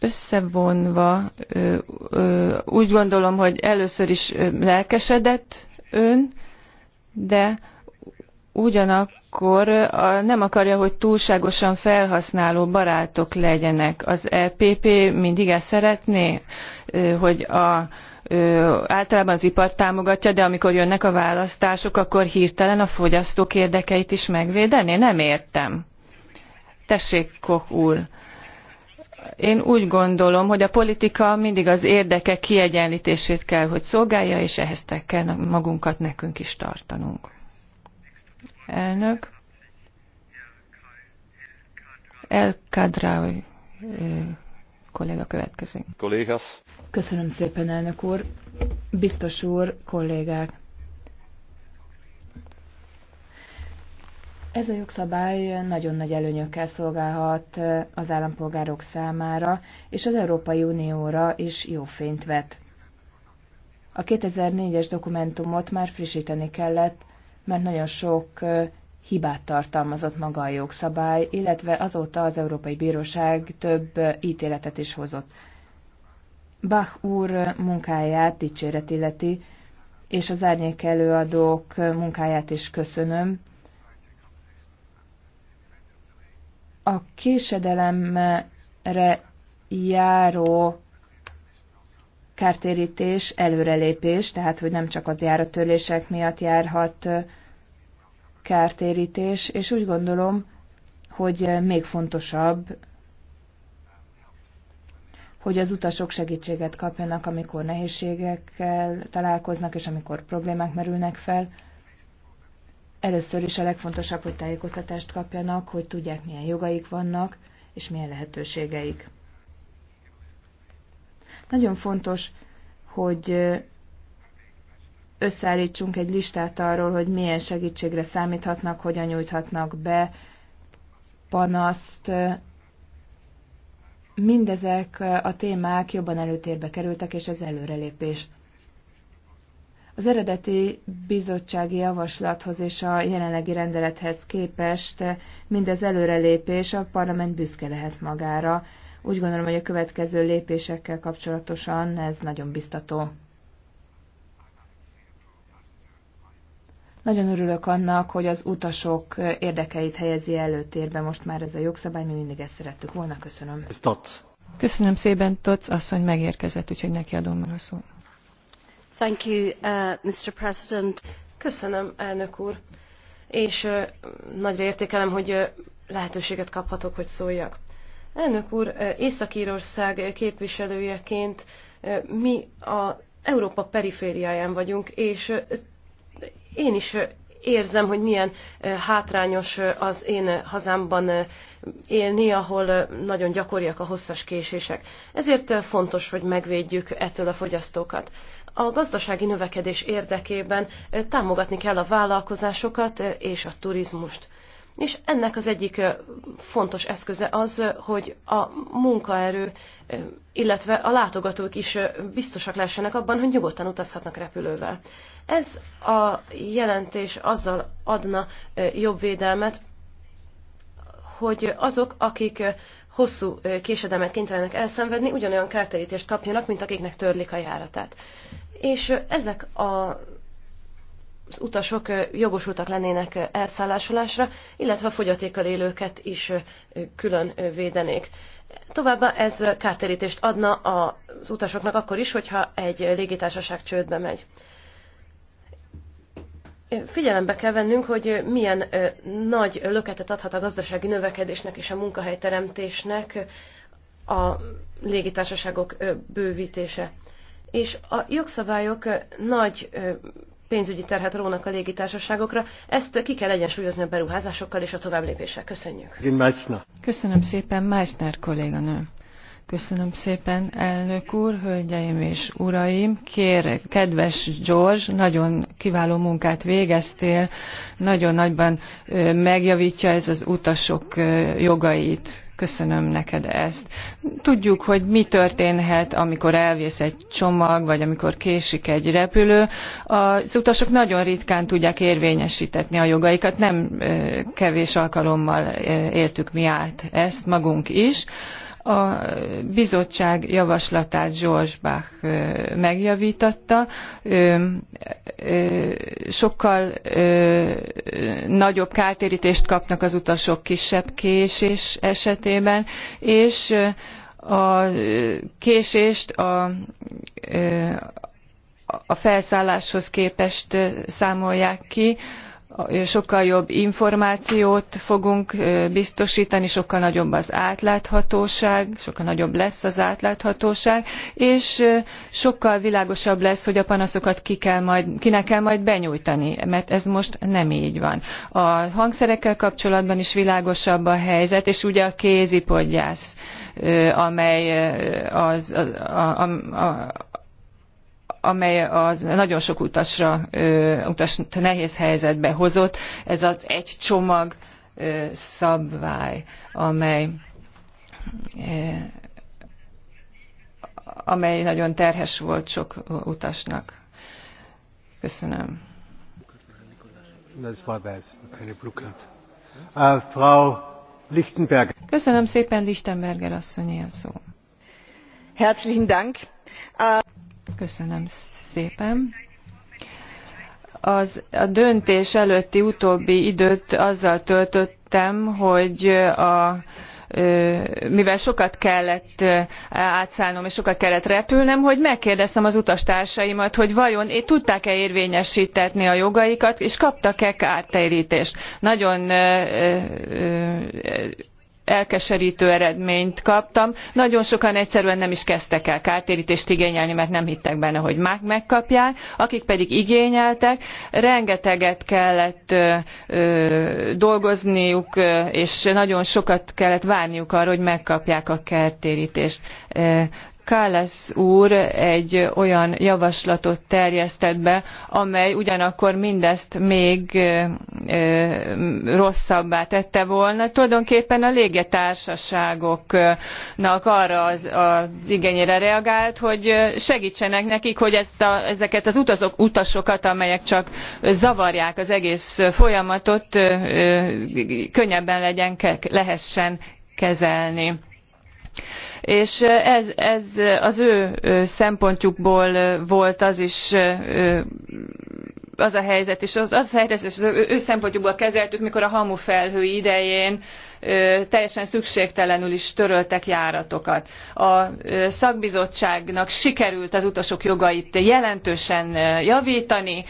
összevonva ö, ö, úgy gondolom, hogy először is lelkesedett ön, de ugyanak akkor a, nem akarja, hogy túlságosan felhasználó barátok legyenek. Az EPP mindig ezt szeretné, hogy a, általában az ipart támogatja, de amikor jönnek a választások, akkor hirtelen a fogyasztók érdekeit is megvédené? Nem értem. Tessék, Koch úr. Én úgy gondolom, hogy a politika mindig az érdekek kiegyenlítését kell, hogy szolgálja, és ehhez kell magunkat nekünk is tartanunk. Elnök. El Kadraui kolléga következik. Kollégas. Köszönöm szépen, elnök úr. Biztos úr, kollégák. Ez a jogszabály nagyon nagy előnyökkel szolgálhat az állampolgárok számára, és az Európai Unióra is jó fényt vet. A 2004-es dokumentumot már frissíteni kellett, mert nagyon sok hibát tartalmazott maga a jogszabály, illetve azóta az Európai Bíróság több ítéletet is hozott. Bach úr munkáját dicséret illeti, és az árnyék előadók munkáját is köszönöm. A késedelemre járó kártérítés előrelépés, tehát hogy nem csak az járatörlések miatt járhat kártérítés, és úgy gondolom, hogy még fontosabb, hogy az utasok segítséget kapjanak, amikor nehézségekkel találkoznak, és amikor problémák merülnek fel. Először is a legfontosabb, hogy tájékoztatást kapjanak, hogy tudják, milyen jogaik vannak, és milyen lehetőségeik. Nagyon fontos, hogy összeállítsunk egy listát arról, hogy milyen segítségre számíthatnak, hogyan nyújthatnak be panaszt. Mindezek a témák jobban előtérbe kerültek, és ez előrelépés. Az eredeti bizottsági javaslathoz és a jelenlegi rendelethez képest mindez előrelépés, a parlament büszke lehet magára, úgy gondolom, hogy a következő lépésekkel kapcsolatosan ez nagyon biztató. Nagyon örülök annak, hogy az utasok érdekeit helyezi előtérbe most már ez a jogszabály, mi mindig ezt szerettük volna. Köszönöm. Tots. Köszönöm szépen, Tots asszony megérkezett, úgyhogy neki adom meg a szót. Thank you, uh, Mr. President. Köszönöm, elnök úr. És uh, nagyra értékelem, hogy uh, lehetőséget kaphatok, hogy szóljak. Elnök úr, eh, Észak-Írország képviselőjeként eh, mi a Európa perifériáján vagyunk, és eh, én is érzem, hogy milyen hátrányos az én hazámban élni, ahol nagyon gyakoriak a hosszas késések. Ezért fontos, hogy megvédjük ettől a fogyasztókat. A gazdasági növekedés érdekében támogatni kell a vállalkozásokat és a turizmust és ennek az egyik fontos eszköze az, hogy a munkaerő, illetve a látogatók is biztosak lehessenek abban, hogy nyugodtan utazhatnak repülővel. Ez a jelentés azzal adna jobb védelmet, hogy azok, akik hosszú késedelmet kénytelenek elszenvedni, ugyanolyan kártérítést kapjanak, mint akiknek törlik a járatát. És ezek a az utasok jogosultak lennének elszállásolásra, illetve a fogyatékkal élőket is külön védenék. Továbbá ez kártérítést adna az utasoknak akkor is, hogyha egy légitársaság csődbe megy. Figyelembe kell vennünk, hogy milyen nagy löketet adhat a gazdasági növekedésnek és a munkahelyteremtésnek a légitársaságok bővítése. És a jogszabályok nagy pénzügyi terhet rónak a légitársaságokra. Ezt ki kell egyensúlyozni a beruházásokkal és a továbblépéssel. Köszönjük. Köszönöm szépen, Meissner kolléganő. Köszönöm szépen, elnök úr, hölgyeim és uraim. Kér, kedves George, nagyon kiváló munkát végeztél, nagyon nagyban megjavítja ez az utasok jogait Köszönöm neked ezt. Tudjuk, hogy mi történhet, amikor elvész egy csomag, vagy amikor késik egy repülő. Az utasok nagyon ritkán tudják érvényesítetni a jogaikat, nem kevés alkalommal éltük mi át ezt magunk is. A bizottság javaslatát George Bach megjavítatta, sokkal nagyobb kártérítést kapnak az utasok kisebb késés esetében, és a késést a, a felszálláshoz képest számolják ki, sokkal jobb információt fogunk biztosítani, sokkal nagyobb az átláthatóság, sokkal nagyobb lesz az átláthatóság, és sokkal világosabb lesz, hogy a panaszokat ki kell majd, kinek kell majd benyújtani, mert ez most nem így van. A hangszerekkel kapcsolatban is világosabb a helyzet, és ugye a kézipodgyász, amely az, a, a, a, a amely az nagyon sok utasra, utas nehéz helyzetbe hozott, ez az egy csomag szabvály, amely amely nagyon terhes volt sok utasnak. Köszönöm. Äh, Köszönöm szépen, Lichtenberger asszony, ilyen szó. Herzlichen Dank. Äh, Köszönöm szépen. Az, a döntés előtti utóbbi időt azzal töltöttem, hogy a mivel sokat kellett átszállnom és sokat kellett repülnem, hogy megkérdeztem az utastársaimat, hogy vajon tudták-e érvényesítetni a jogaikat, és kaptak-e kártérítést. Nagyon elkeserítő eredményt kaptam. Nagyon sokan egyszerűen nem is kezdtek el kártérítést igényelni, mert nem hittek benne, hogy már megkapják. Akik pedig igényeltek, rengeteget kellett ö, dolgozniuk, és nagyon sokat kellett várniuk arra, hogy megkapják a kártérítést. Kálesz úr egy olyan javaslatot terjesztett be, amely ugyanakkor mindezt még rosszabbá tette volna. Tulajdonképpen a légitársaságoknak arra az, az igényére reagált, hogy segítsenek nekik, hogy ezt a, ezeket az utazok, utasokat, amelyek csak zavarják az egész folyamatot, könnyebben legyen, lehessen kezelni és ez, ez az ő szempontjukból volt az is az a helyzet, és az, az a helyzet, és az ő szempontjukból kezeltük, mikor a hamufelhő idején teljesen szükségtelenül is töröltek járatokat. A szakbizottságnak sikerült az utasok jogait jelentősen javítani,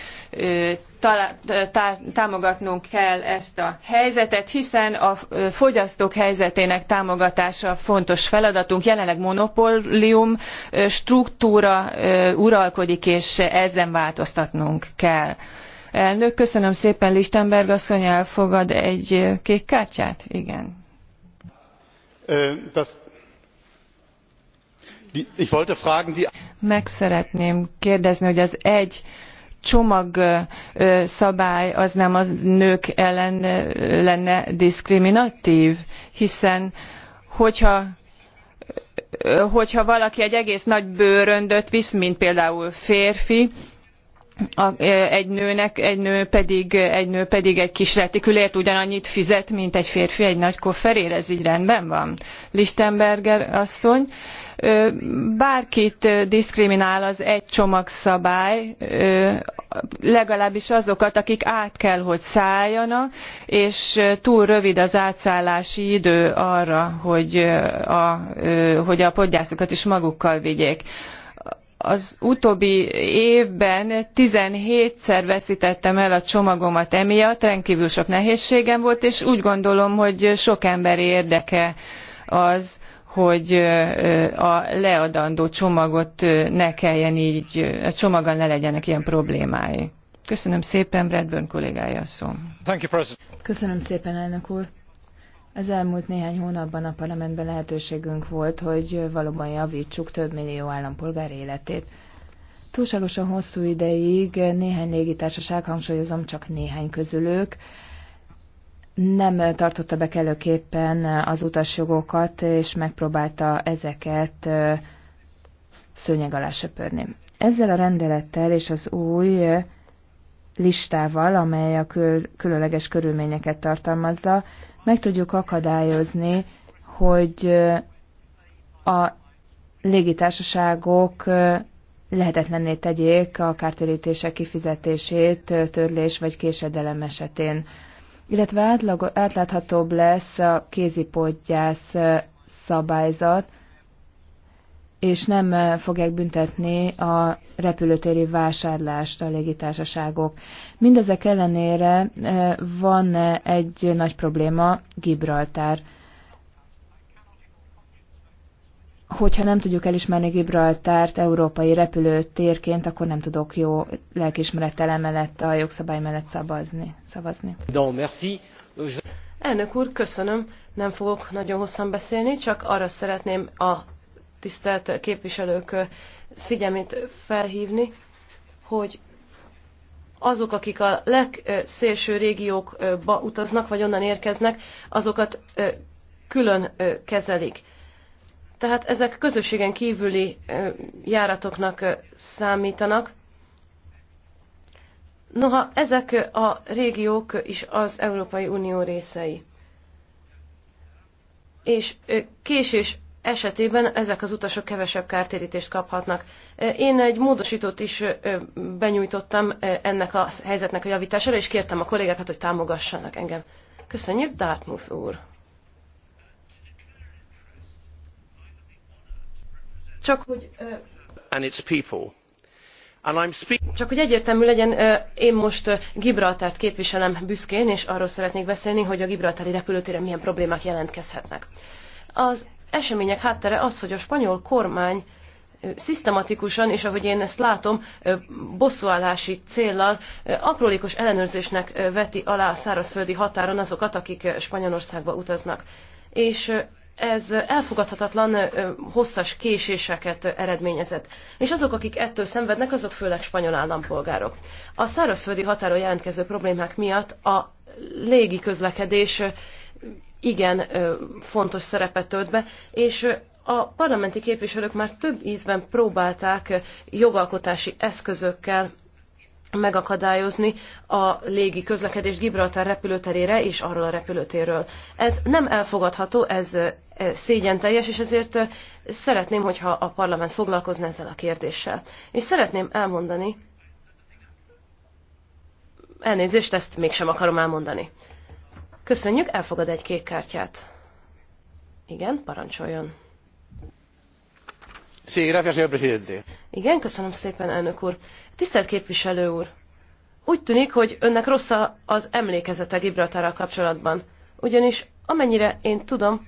támogatnunk kell ezt a helyzetet, hiszen a fogyasztók helyzetének támogatása fontos feladatunk. Jelenleg monopólium struktúra uralkodik, és ezen változtatnunk kell. Elnök, köszönöm szépen, Lichtenberg asszony elfogad egy kék kártyát? Igen. Meg szeretném kérdezni, hogy az egy csomag szabály az nem a nők ellen lenne diszkriminatív, hiszen hogyha hogyha valaki egy egész nagy bőröndöt visz, mint például férfi, a, egy nőnek, egy nő pedig egy, nő pedig egy kis retikülért ugyanannyit fizet, mint egy férfi egy nagy kofferért, ez így rendben van. Lichtenberger asszony, bárkit diszkriminál az egy csomagszabály, legalábbis azokat, akik át kell, hogy szálljanak, és túl rövid az átszállási idő arra, hogy a, hogy a podgyászokat is magukkal vigyék az utóbbi évben 17-szer veszítettem el a csomagomat emiatt, rendkívül sok nehézségem volt, és úgy gondolom, hogy sok ember érdeke az, hogy a leadandó csomagot ne kelljen így, a csomaggal ne legyenek ilyen problémái. Köszönöm szépen, Bradburn kollégája szó. Köszönöm szépen, elnök úr. Az elmúlt néhány hónapban a parlamentben lehetőségünk volt, hogy valóban javítsuk több millió állampolgár életét. Túlságosan hosszú ideig néhány légitársaság, hangsúlyozom, csak néhány közülük, nem tartotta be kellőképpen az utasjogokat, és megpróbálta ezeket szőnyeg alá söpörni. Ezzel a rendelettel és az új listával, amely a kül- különleges körülményeket tartalmazza, meg tudjuk akadályozni, hogy a légitársaságok lehetetlenné tegyék a kártérítések kifizetését törlés vagy késedelem esetén illetve átlag, átláthatóbb lesz a kézipodgyász szabályzat, és nem fogják büntetni a repülőtéri vásárlást a légitársaságok. Mindezek ellenére van egy nagy probléma, Gibraltár. hogyha nem tudjuk elismerni Gibraltárt európai repülőtérként, akkor nem tudok jó lelkismerettel emellett a jogszabály mellett szavazni. szavazni. Don, merci. Elnök úr, köszönöm. Nem fogok nagyon hosszan beszélni, csak arra szeretném a tisztelt képviselők figyelmét felhívni, hogy azok, akik a legszélső régiókba utaznak, vagy onnan érkeznek, azokat külön kezelik tehát ezek közösségen kívüli járatoknak számítanak. Noha ezek a régiók is az Európai Unió részei. És késés esetében ezek az utasok kevesebb kártérítést kaphatnak. Én egy módosítót is benyújtottam ennek a helyzetnek a javítására, és kértem a kollégákat, hogy támogassanak engem. Köszönjük, Dartmouth úr! Csak hogy, and its people. Csak hogy egyértelmű legyen, én most Gibraltárt képviselem büszkén, és arról szeretnék beszélni, hogy a gibraltári repülőtére milyen problémák jelentkezhetnek. Az események háttere az, hogy a spanyol kormány szisztematikusan, és ahogy én ezt látom, bosszúállási céllal aprólékos ellenőrzésnek veti alá a szárazföldi határon azokat, akik Spanyolországba utaznak. És ez elfogadhatatlan hosszas késéseket eredményezett. És azok, akik ettől szenvednek, azok főleg spanyol állampolgárok. A szárazföldi határon jelentkező problémák miatt a légi közlekedés igen fontos szerepet tölt be, és a parlamenti képviselők már több ízben próbálták jogalkotási eszközökkel megakadályozni a légi közlekedés Gibraltar repülőterére és arról a repülőtérről. Ez nem elfogadható, ez e, szégyen teljes, és ezért e, szeretném, hogyha a parlament foglalkozna ezzel a kérdéssel. És szeretném elmondani, elnézést, ezt mégsem akarom elmondani. Köszönjük, elfogad egy kék kártyát. Igen, parancsoljon. Igen, köszönöm szépen, elnök úr. Tisztelt képviselő úr! Úgy tűnik, hogy önnek rossz az emlékezete Gibraltárral kapcsolatban. Ugyanis, amennyire én tudom,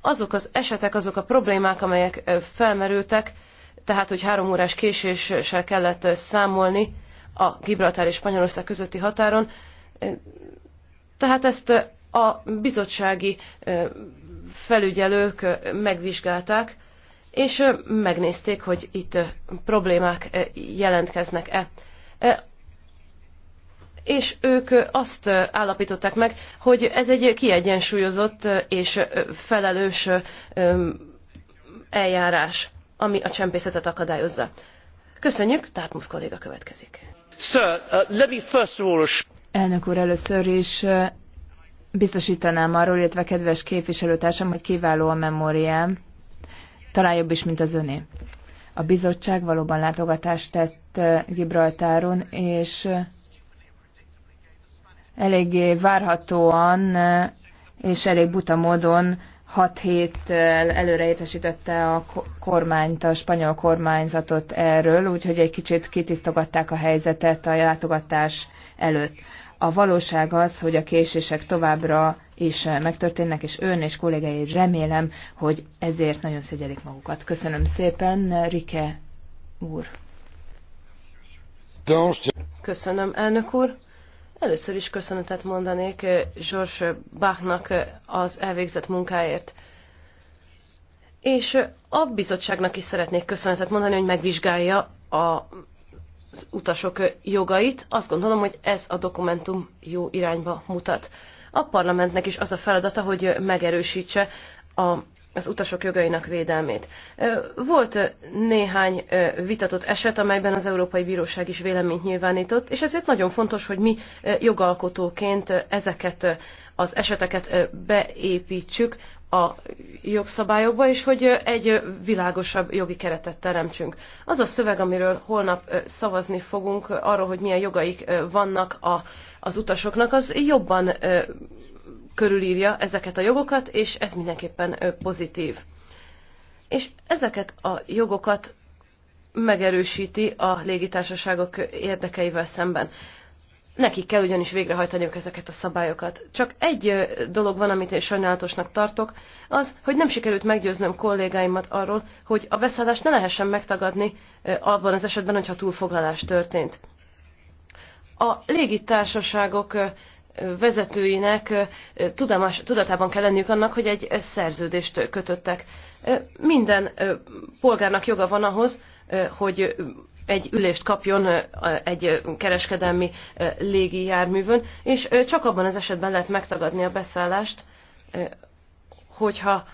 azok az esetek, azok a problémák, amelyek felmerültek, tehát, hogy három órás késéssel kellett számolni a Gibraltár és Spanyolország közötti határon, tehát ezt a bizottsági felügyelők megvizsgálták, és megnézték, hogy itt problémák jelentkeznek-e. És ők azt állapították meg, hogy ez egy kiegyensúlyozott és felelős eljárás, ami a csempészetet akadályozza. Köszönjük, Tártmusz kolléga következik. Sir, uh, let me first of all... Elnök úr, először is biztosítanám arról, illetve kedves képviselőtársam, hogy kiváló a memóriám talán jobb is, mint az öné. A bizottság valóban látogatást tett Gibraltáron, és eléggé várhatóan és elég buta módon 6 hét előre értesítette a kormányt, a spanyol kormányzatot erről, úgyhogy egy kicsit kitisztogatták a helyzetet a látogatás előtt. A valóság az, hogy a késések továbbra is eh, megtörténnek, és ön és kollégái remélem, hogy ezért nagyon szegyelik magukat. Köszönöm szépen, Rike úr. Köszönöm, elnök úr. Először is köszönetet mondanék eh, George Bachnak eh, az elvégzett munkáért. És a bizottságnak is szeretnék köszönetet mondani, hogy megvizsgálja a az utasok jogait. Azt gondolom, hogy ez a dokumentum jó irányba mutat a parlamentnek is az a feladata, hogy megerősítse a az utasok jogainak védelmét. Volt néhány vitatott eset, amelyben az Európai Bíróság is véleményt nyilvánított, és ezért nagyon fontos, hogy mi jogalkotóként ezeket az eseteket beépítsük a jogszabályokba, és hogy egy világosabb jogi keretet teremtsünk. Az a szöveg, amiről holnap szavazni fogunk, arról, hogy milyen jogaik vannak a, az utasoknak, az jobban körülírja ezeket a jogokat, és ez mindenképpen pozitív. És ezeket a jogokat megerősíti a légitársaságok érdekeivel szemben. Nekik kell ugyanis végrehajtaniuk ezeket a szabályokat. Csak egy dolog van, amit én sajnálatosnak tartok, az, hogy nem sikerült meggyőznöm kollégáimat arról, hogy a beszállást ne lehessen megtagadni abban az esetben, hogyha túlfoglalás történt. A légitársaságok vezetőinek tudomás, tudatában kell lenniük annak, hogy egy szerződést kötöttek. Minden polgárnak joga van ahhoz, hogy egy ülést kapjon egy kereskedelmi légi járművön, és csak abban az esetben lehet megtagadni a beszállást, hogyha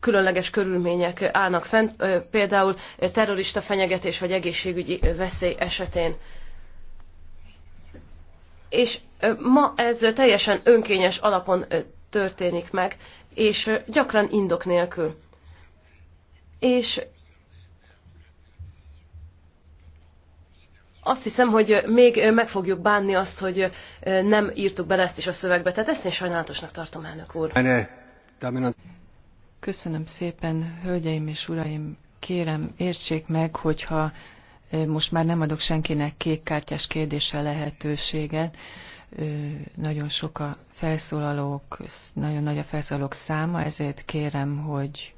különleges körülmények állnak fent, például terrorista fenyegetés vagy egészségügyi veszély esetén. És ma ez teljesen önkényes alapon történik meg, és gyakran indok nélkül. És azt hiszem, hogy még meg fogjuk bánni azt, hogy nem írtuk bele ezt is a szövegbe. Tehát ezt én sajnálatosnak tartom, elnök úr. Köszönöm szépen, hölgyeim és uraim. Kérem, értsék meg, hogyha most már nem adok senkinek kékkártyás kérdése lehetőséget. Nagyon sok a felszólalók, nagyon nagy a felszólalók száma, ezért kérem, hogy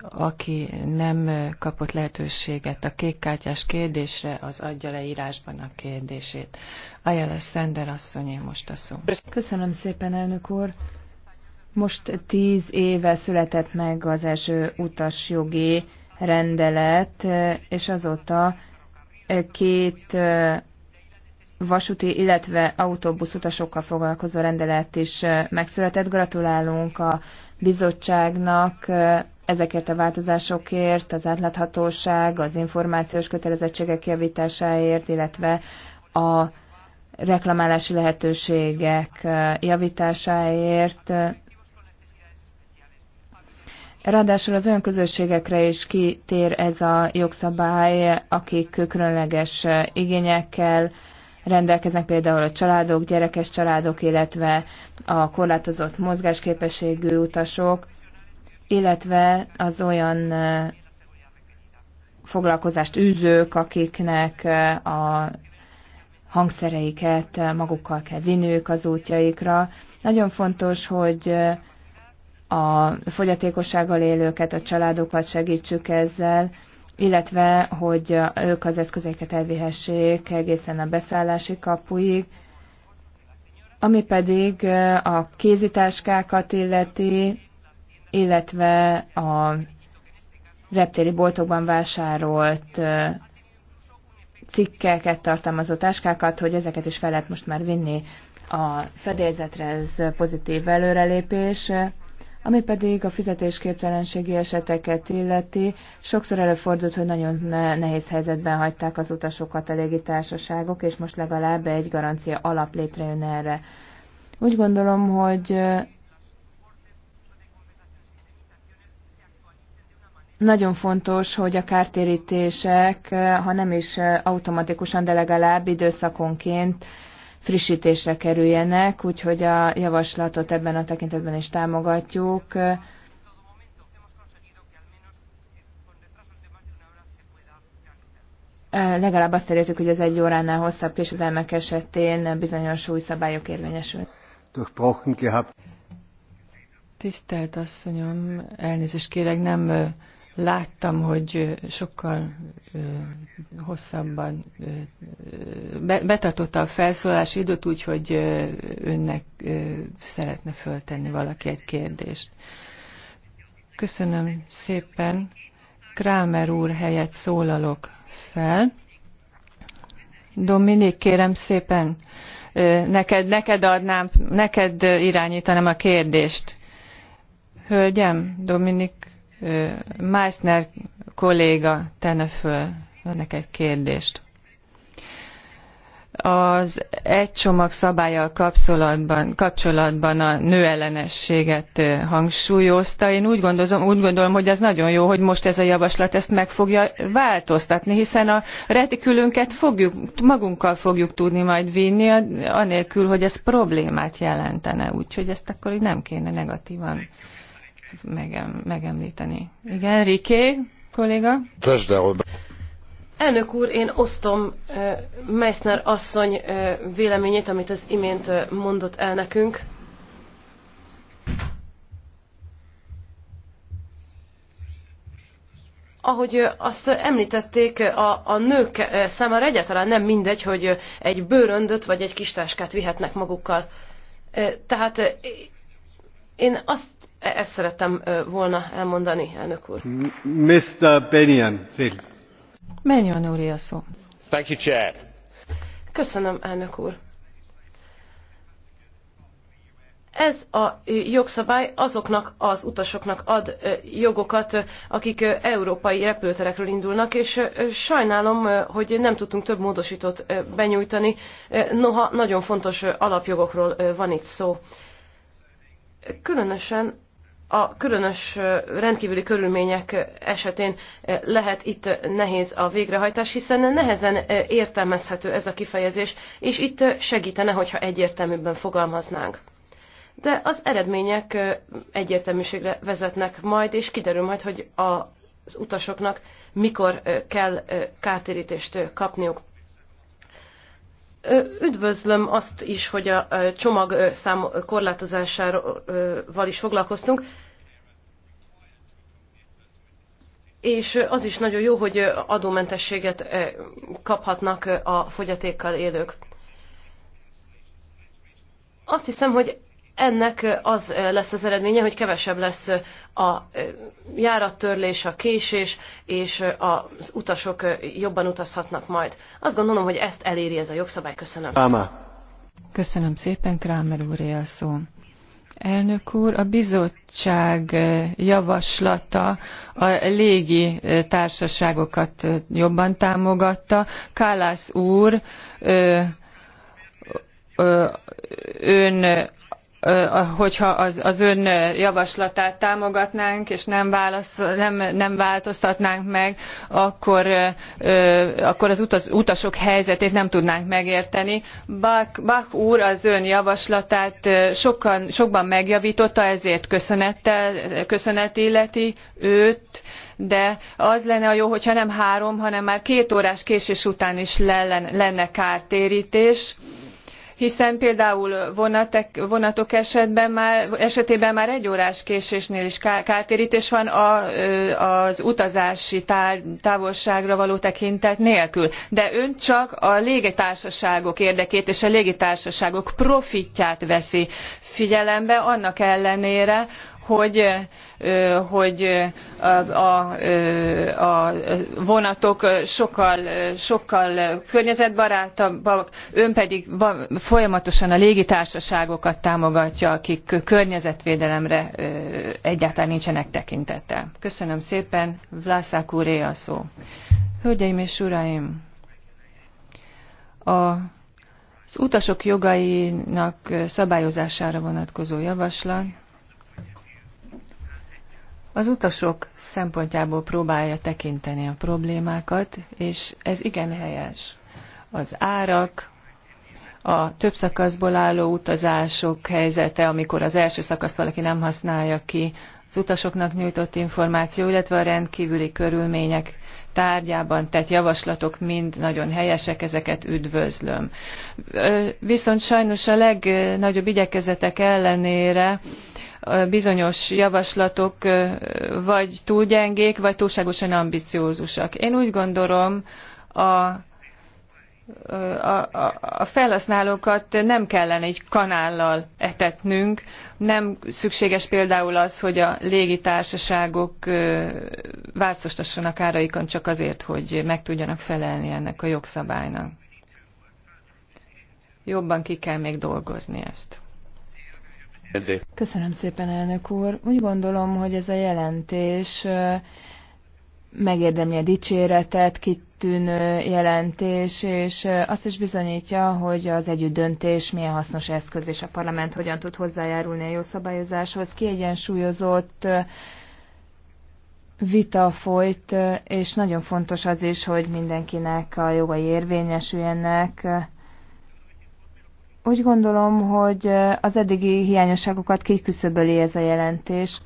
aki nem kapott lehetőséget a kékkártyás kérdésre, az adja le írásban a kérdését. Ajala Szender asszonyé most a szó. Köszönöm szépen, elnök úr. Most tíz éve született meg az első utasjogi rendelet, és azóta két vasúti, illetve autóbusz utasokkal foglalkozó rendelet is megszületett. Gratulálunk a bizottságnak ezekért a változásokért, az átláthatóság, az információs kötelezettségek javításáért, illetve a reklamálási lehetőségek javításáért. Ráadásul az olyan közösségekre is kitér ez a jogszabály, akik különleges igényekkel, rendelkeznek, például a családok, gyerekes családok, illetve a korlátozott mozgásképességű utasok, illetve az olyan foglalkozást űzők, akiknek a hangszereiket magukkal kell vinniük az útjaikra. Nagyon fontos, hogy a fogyatékossággal élőket, a családokat segítsük ezzel, illetve hogy ők az eszközeiket elvihessék egészen a beszállási kapuig, ami pedig a kézitáskákat illeti, illetve a reptéri boltokban vásárolt cikkeket tartalmazó táskákat, hogy ezeket is fel lehet most már vinni a fedélzetre, ez pozitív előrelépés. Ami pedig a fizetésképtelenségi eseteket illeti, sokszor előfordult, hogy nagyon nehéz helyzetben hagyták az utasokat a légitársaságok, és most legalább egy garancia alap létrejön erre. Úgy gondolom, hogy nagyon fontos, hogy a kártérítések, ha nem is automatikusan, de legalább időszakonként frissítésre kerüljenek, úgyhogy a javaslatot ebben a tekintetben is támogatjuk. Legalább azt érjük, hogy az egy óránál hosszabb késedelmek esetén bizonyos új szabályok érvényesülnek. Tisztelt asszonyom, elnézést kérek, nem láttam, hogy sokkal hosszabban betartotta a felszólási időt, úgyhogy önnek szeretne föltenni valaki egy kérdést. Köszönöm szépen. Krámer úr helyett szólalok fel. Dominik, kérem szépen, neked, neked adnám, neked irányítanám a kérdést. Hölgyem, Dominik Meissner kolléga tenne föl önnek egy kérdést. Az egy csomag szabályal kapcsolatban, kapcsolatban a nőellenességet hangsúlyozta. Én úgy, gondozom, úgy gondolom, hogy ez nagyon jó, hogy most ez a javaslat ezt meg fogja változtatni, hiszen a retikülünket fogjuk, magunkkal fogjuk tudni majd vinni, anélkül, hogy ez problémát jelentene. Úgyhogy ezt akkor így nem kéne negatívan megem, megemlíteni. Igen, Riké kolléga? Elnök úr, én osztom Meissner asszony véleményét, amit az imént mondott el nekünk. ahogy azt említették, a, a nők számára egyáltalán nem mindegy, hogy egy bőröndöt vagy egy kistáskát vihetnek magukkal. Tehát én azt ezt szerettem volna elmondani, elnök úr. Mr. Benyon, Phil. Benyon úr, a szó. Thank you, Chair. Köszönöm, elnök úr. Ez a jogszabály azoknak az utasoknak ad jogokat, akik európai repülőterekről indulnak, és sajnálom, hogy nem tudtunk több módosítót benyújtani, noha nagyon fontos alapjogokról van itt szó. Különösen a különös rendkívüli körülmények esetén lehet itt nehéz a végrehajtás, hiszen nehezen értelmezhető ez a kifejezés, és itt segítene, hogyha egyértelműbben fogalmaznánk. De az eredmények egyértelműségre vezetnek majd, és kiderül majd, hogy az utasoknak mikor kell kártérítést kapniuk. Üdvözlöm azt is, hogy a csomag szám korlátozásáról is foglalkoztunk, és az is nagyon jó, hogy adómentességet kaphatnak a fogyatékkal élők. Azt hiszem, hogy ennek az lesz az eredménye, hogy kevesebb lesz a járattörlés, a késés, és az utasok jobban utazhatnak majd. Azt gondolom, hogy ezt eléri ez a jogszabály. Köszönöm. Köszönöm szépen, Krámer úr a szó. Elnök úr, a bizottság eh, javaslata a légi eh, társaságokat eh, jobban támogatta. Kálász úr, ön hogyha az, az ön javaslatát támogatnánk, és nem, válasz, nem, nem változtatnánk meg, akkor, akkor az utasok helyzetét nem tudnánk megérteni. Bach, Bach úr az ön javaslatát sokan, sokban megjavította, ezért köszönettel, köszönet illeti őt, de az lenne a jó, hogyha nem három, hanem már két órás késés után is lenne kártérítés hiszen például vonatek, vonatok esetben már, esetében már egy órás késésnél is kártérítés van a, az utazási tár, távolságra való tekintet nélkül. De ön csak a légitársaságok érdekét és a légitársaságok profitját veszi figyelembe annak ellenére, hogy, hogy a, a, a vonatok sokkal, sokkal környezetbarátabbak, ön pedig folyamatosan a légitársaságokat támogatja, akik környezetvédelemre egyáltalán nincsenek tekintettel. Köszönöm szépen, Vlászák úré a szó. Hölgyeim és uraim! A az utasok jogainak szabályozására vonatkozó javaslat az utasok szempontjából próbálja tekinteni a problémákat, és ez igen helyes. Az árak, a több szakaszból álló utazások helyzete, amikor az első szakaszt valaki nem használja ki, az utasoknak nyújtott információ, illetve a rendkívüli körülmények tárgyában tett javaslatok mind nagyon helyesek, ezeket üdvözlöm. Viszont sajnos a legnagyobb igyekezetek ellenére bizonyos javaslatok vagy túl gyengék, vagy túlságosan ambiciózusak. Én úgy gondolom, a a, a, a felhasználókat nem kellene egy kanállal etetnünk. Nem szükséges például az, hogy a légitársaságok változtassanak áraikon csak azért, hogy meg tudjanak felelni ennek a jogszabálynak. Jobban ki kell még dolgozni ezt. Köszönöm szépen, elnök úr. Úgy gondolom, hogy ez a jelentés megérdemli a dicséretet, kitűnő jelentés, és azt is bizonyítja, hogy az együtt döntés milyen hasznos eszköz, és a parlament hogyan tud hozzájárulni a jó szabályozáshoz. Kiegyensúlyozott vita folyt, és nagyon fontos az is, hogy mindenkinek a jogai érvényesüljenek, úgy gondolom, hogy az eddigi hiányosságokat kiküszöböli ez a jelentés.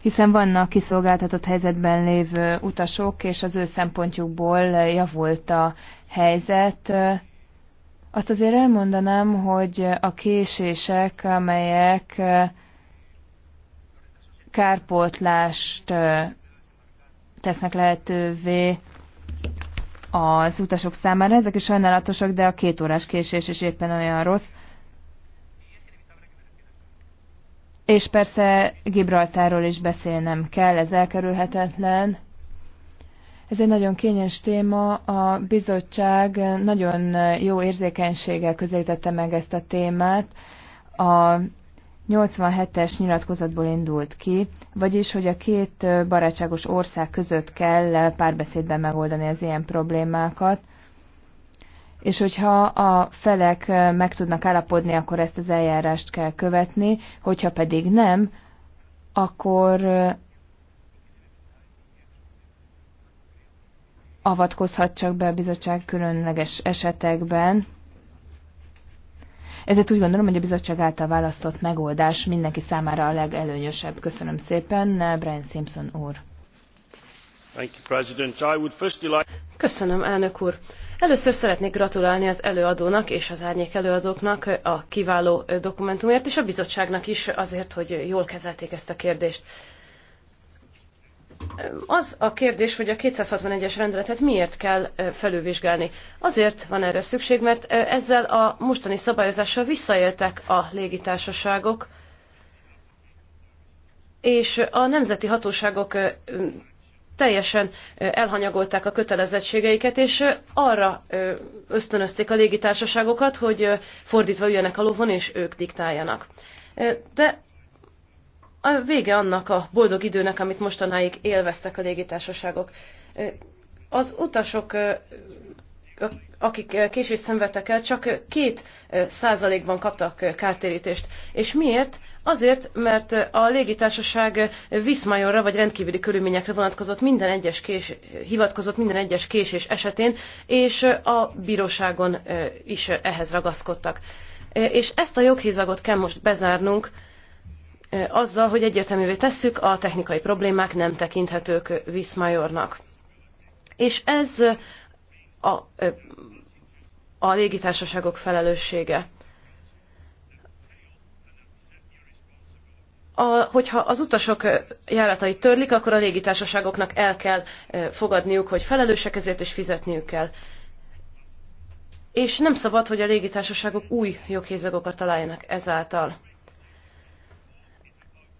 hiszen vannak kiszolgáltatott helyzetben lévő utasok, és az ő szempontjukból javult a helyzet. Azt azért elmondanám, hogy a késések, amelyek kárpótlást tesznek lehetővé az utasok számára. Ezek is sajnálatosak, de a két órás késés is éppen olyan rossz. És persze Gibraltáról is beszélnem kell, ez elkerülhetetlen. Ez egy nagyon kényes téma. A bizottság nagyon jó érzékenységgel közelítette meg ezt a témát. A 87-es nyilatkozatból indult ki, vagyis hogy a két barátságos ország között kell párbeszédben megoldani az ilyen problémákat, és hogyha a felek meg tudnak állapodni, akkor ezt az eljárást kell követni, hogyha pedig nem, akkor avatkozhat csak be a bizottság különleges esetekben, ezért úgy gondolom, hogy a bizottság által választott megoldás mindenki számára a legelőnyösebb. Köszönöm szépen, Brian Simpson úr. Köszönöm, elnök úr. Először szeretnék gratulálni az előadónak és az árnyék előadóknak a kiváló dokumentumért, és a bizottságnak is azért, hogy jól kezelték ezt a kérdést az a kérdés, hogy a 261-es rendeletet miért kell felülvizsgálni. Azért van erre szükség, mert ezzel a mostani szabályozással visszaéltek a légitársaságok, és a nemzeti hatóságok teljesen elhanyagolták a kötelezettségeiket, és arra ösztönözték a légitársaságokat, hogy fordítva üljenek a lovon, és ők diktáljanak. De a vége annak a boldog időnek, amit mostanáig élveztek a légitársaságok. Az utasok, akik késés szenvedtek el, csak két százalékban kaptak kártérítést. És miért? Azért, mert a légitársaság viszmajorra vagy rendkívüli körülményekre vonatkozott minden egyes kés, hivatkozott minden egyes késés esetén, és a bíróságon is ehhez ragaszkodtak. És ezt a joghézagot kell most bezárnunk, Eh, azzal, hogy egyértelművé tesszük, a technikai problémák nem tekinthetők Viszmajornak. És ez eh, a, eh, a légitársaságok felelőssége. a, hogyha az utasok járatai törlik, akkor a légitársaságoknak el kell fogadniuk, hogy felelősek ezért, és fizetniük kell. És nem szabad, hogy a légitársaságok új joghézagokat találjanak ezáltal.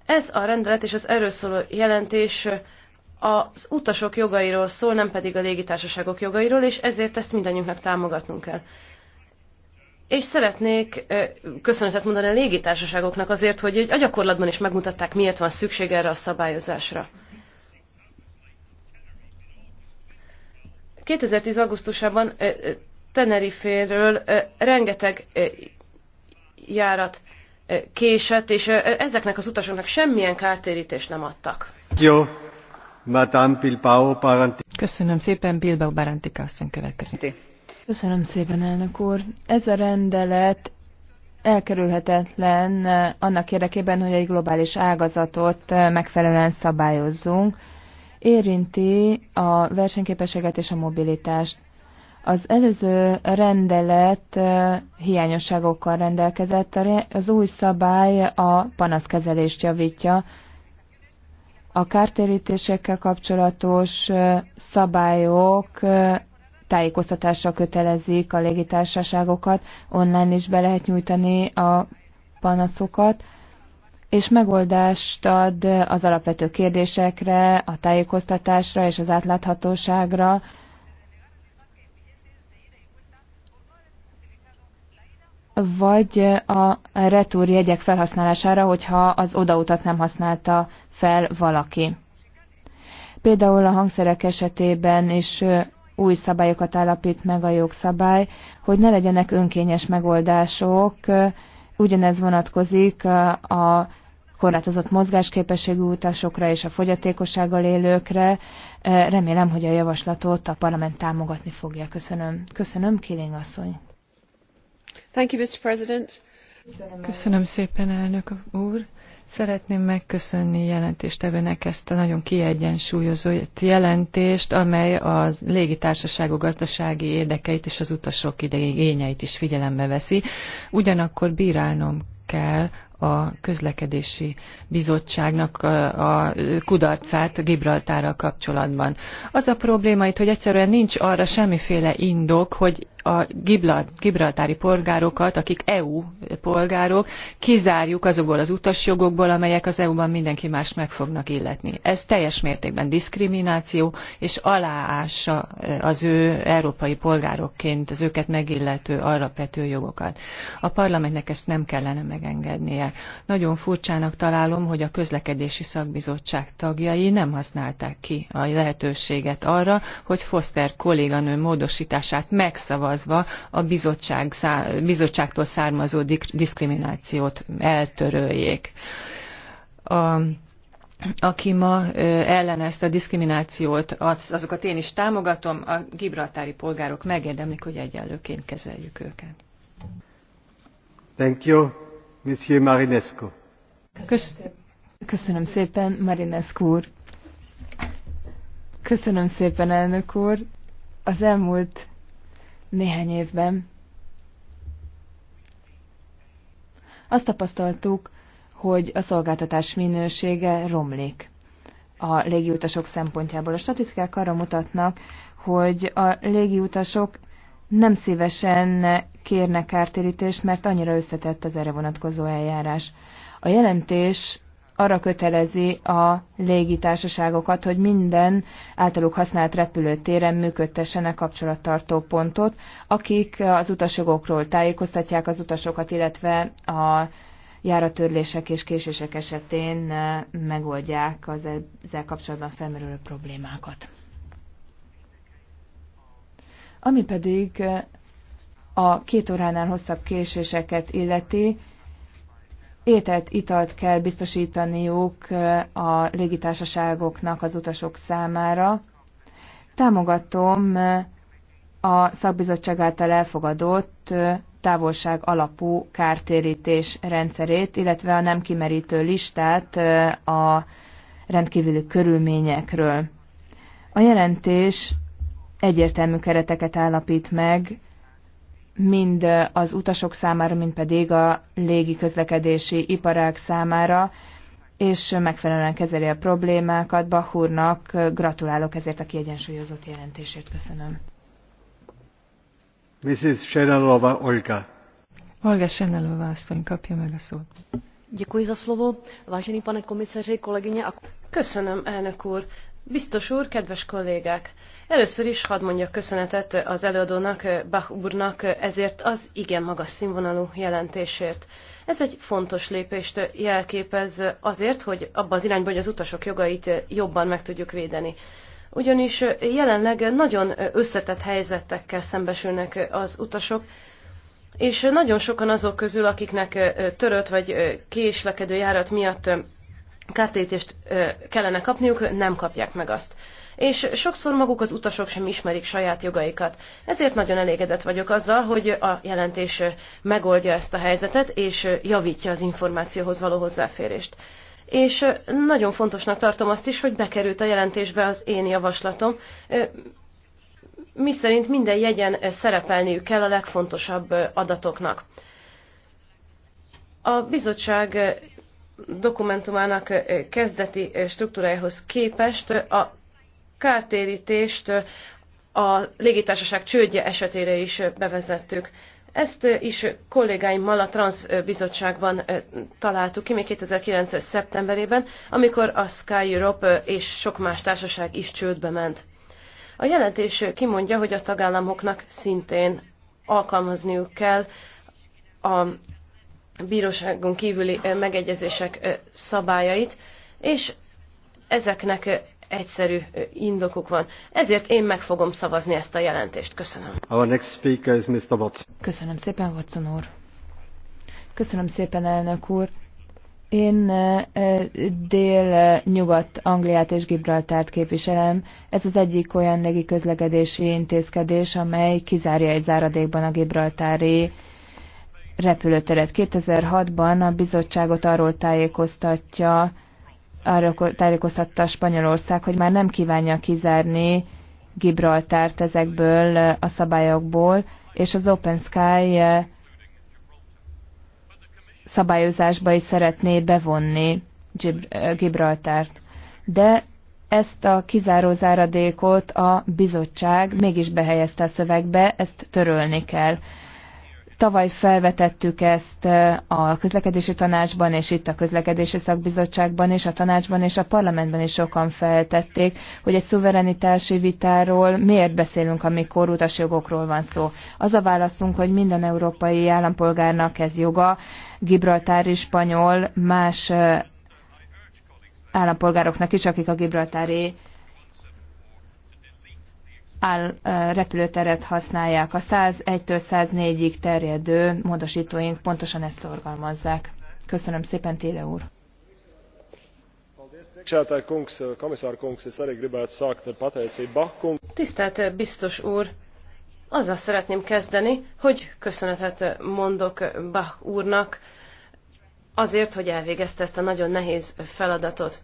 Ez a rendelet és az erről szóló jelentés az utasok jogairól szól, nem pedig a légitársaságok jogairól, és ezért ezt mindannyiunknak támogatnunk kell. És szeretnék köszönetet mondani a légitársaságoknak azért, hogy a gyakorlatban is megmutatták, miért van szükség erre a szabályozásra. 2010. augusztusában Tenerife-ről rengeteg járat késett, és ezeknek az utasoknak semmilyen kártérítést nem adtak. Jó. Madame Bilbao Baranti. Köszönöm szépen, Bilbao Barantika asszony következik. Köszönöm szépen, elnök úr. Ez a rendelet elkerülhetetlen annak érdekében, hogy egy globális ágazatot megfelelően szabályozzunk. Érinti a versenyképességet és a mobilitást. Az előző rendelet hiányosságokkal rendelkezett, az új szabály a panaszkezelést javítja. A kártérítésekkel kapcsolatos szabályok tájékoztatásra kötelezik a légitársaságokat, online is be lehet nyújtani a panaszokat, és megoldást ad az alapvető kérdésekre, a tájékoztatásra és az átláthatóságra, vagy a jegyek felhasználására, hogyha az odautat nem használta fel valaki. Például a hangszerek esetében is új szabályokat állapít meg a jogszabály, hogy ne legyenek önkényes megoldások, ugyanez vonatkozik a korlátozott mozgásképességű utasokra és a fogyatékossággal élőkre. Remélem, hogy a javaslatot a parlament támogatni fogja. Köszönöm. Köszönöm, Kiling asszony. Köszönöm szépen, elnök úr. Szeretném megköszönni jelentéstevőnek ezt a nagyon kiegyensúlyozott jelentést, amely a légitársaságok gazdasági érdekeit és az utasok idegényeit is figyelembe veszi. Ugyanakkor bírálnom kell a közlekedési bizottságnak a kudarcát Gibraltára kapcsolatban. Az a probléma itt, hogy egyszerűen nincs arra semmiféle indok, hogy a gibraltári polgárokat, akik EU polgárok, kizárjuk azokból az utasjogokból, amelyek az EU-ban mindenki más meg fognak illetni. Ez teljes mértékben diszkrimináció, és aláássa az ő európai polgárokként az őket megillető alapvető jogokat. A parlamentnek ezt nem kellene megengednie kérdéssel. Nagyon furcsának találom, hogy a közlekedési szakbizottság tagjai nem használták ki a lehetőséget arra, hogy Foster kolléganő módosítását megszavazva a bizottság szá- bizottságtól származó diszkriminációt eltöröljék. A aki ma ellen ezt a diszkriminációt, az, azokat én is támogatom, a gibraltári polgárok megérdemlik, hogy egyenlőként kezeljük őket. Thank you. Köszönöm, Köszönöm szépen, Marinescu úr. Köszönöm szépen, elnök úr. Az elmúlt néhány évben azt tapasztaltuk, hogy a szolgáltatás minősége romlik a légiutasok szempontjából. A statisztikák arra mutatnak, hogy a légiutasok nem szívesen kérnek kártérítést, mert annyira összetett az erre vonatkozó eljárás. A jelentés arra kötelezi a légitársaságokat, hogy minden általuk használt repülőtéren működtessenek kapcsolattartó pontot, akik az utasjogokról tájékoztatják az utasokat, illetve a járatörlések és késések esetén eh, megoldják az ezzel kapcsolatban felmerülő problémákat. Ami pedig eh, a két óránál hosszabb késéseket illeti, ételt, italt kell biztosítaniuk eh, a légitársaságoknak az utasok számára. Támogatom eh, a szakbizottság által elfogadott eh, távolság alapú kártérítés rendszerét, illetve a nem kimerítő listát a rendkívüli körülményekről. A jelentés egyértelmű kereteket állapít meg mind az utasok számára, mind pedig a légi közlekedési iparág számára, és megfelelően kezeli a problémákat. Bahurnak gratulálok ezért a kiegyensúlyozott jelentését. Köszönöm. Mrs. Senelova Olga. Olga Senelova asszony kapja meg a szót. Děkuji za slovo, vážený pane komisaři, kolegyně a... Köszönöm, elnök úr. Biztos úr, kedves kollégák! Először is hadd mondjak köszönetet az előadónak, Bach úrnak ezért az igen magas színvonalú jelentésért. Ez egy fontos lépést jelképez azért, hogy abba az irányba, hogy az utasok jogait jobban meg tudjuk védeni. Ugyanis jelenleg nagyon összetett helyzetekkel szembesülnek az utasok, és nagyon sokan azok közül, akiknek törött vagy késlekedő járat miatt kártérítést kellene kapniuk, nem kapják meg azt és sokszor maguk az utasok sem ismerik saját jogaikat. Ezért nagyon elégedett vagyok azzal, hogy a jelentés megoldja ezt a helyzetet, és javítja az információhoz való hozzáférést. És nagyon fontosnak tartom azt is, hogy bekerült a jelentésbe az én javaslatom, miszerint minden jegyen szerepelniük kell a legfontosabb adatoknak. A bizottság dokumentumának kezdeti struktúrájához képest a kártérítést a légitársaság csődje esetére is bevezettük. Ezt is kollégáimmal a Trans bizottságban találtuk ki még 2009. szeptemberében, amikor a Sky Europe és sok más társaság is csődbe ment. A jelentés kimondja, hogy a tagállamoknak szintén alkalmazniuk kell a bíróságon kívüli megegyezések szabályait, és ezeknek egyszerű indokuk van. Ezért én meg fogom szavazni ezt a jelentést. Köszönöm. Our next speaker is Mr. Watson. Köszönöm szépen, Watson úr. Köszönöm szépen, elnök úr. Én dél-nyugat-Angliát és Gibraltárt képviselem. Ez az egyik olyan negi közlekedési intézkedés, amely kizárja egy záradékban a gibraltári repülőteret. 2006-ban a bizottságot arról tájékoztatja, arra tájékoztatta Spanyolország, hogy már nem kívánja kizárni Gibraltárt ezekből a szabályokból, és az Open Sky eh, szabályozásba is szeretné bevonni eh, Gibraltárt. De ezt a kizáró záradékot a bizottság mégis behelyezte a szövegbe, ezt törölni kell. Tavaly felvetettük ezt a közlekedési tanácsban, és itt a közlekedési szakbizottságban, és a tanácsban, és a parlamentben is sokan feltették, hogy egy szuverenitási vitáról miért beszélünk, amikor utasjogokról van szó. Az a válaszunk, hogy minden európai állampolgárnak ez joga, gibraltári, spanyol, más állampolgároknak is, akik a gibraltári áll repülőteret használják. A 101-től 104-ig terjedő módosítóink pontosan ezt szorgalmazzák. Köszönöm szépen, Téle úr! Tisztelt biztos úr! Azzal szeretném kezdeni, hogy köszönetet mondok Bach úrnak azért, hogy elvégezte ezt a nagyon nehéz feladatot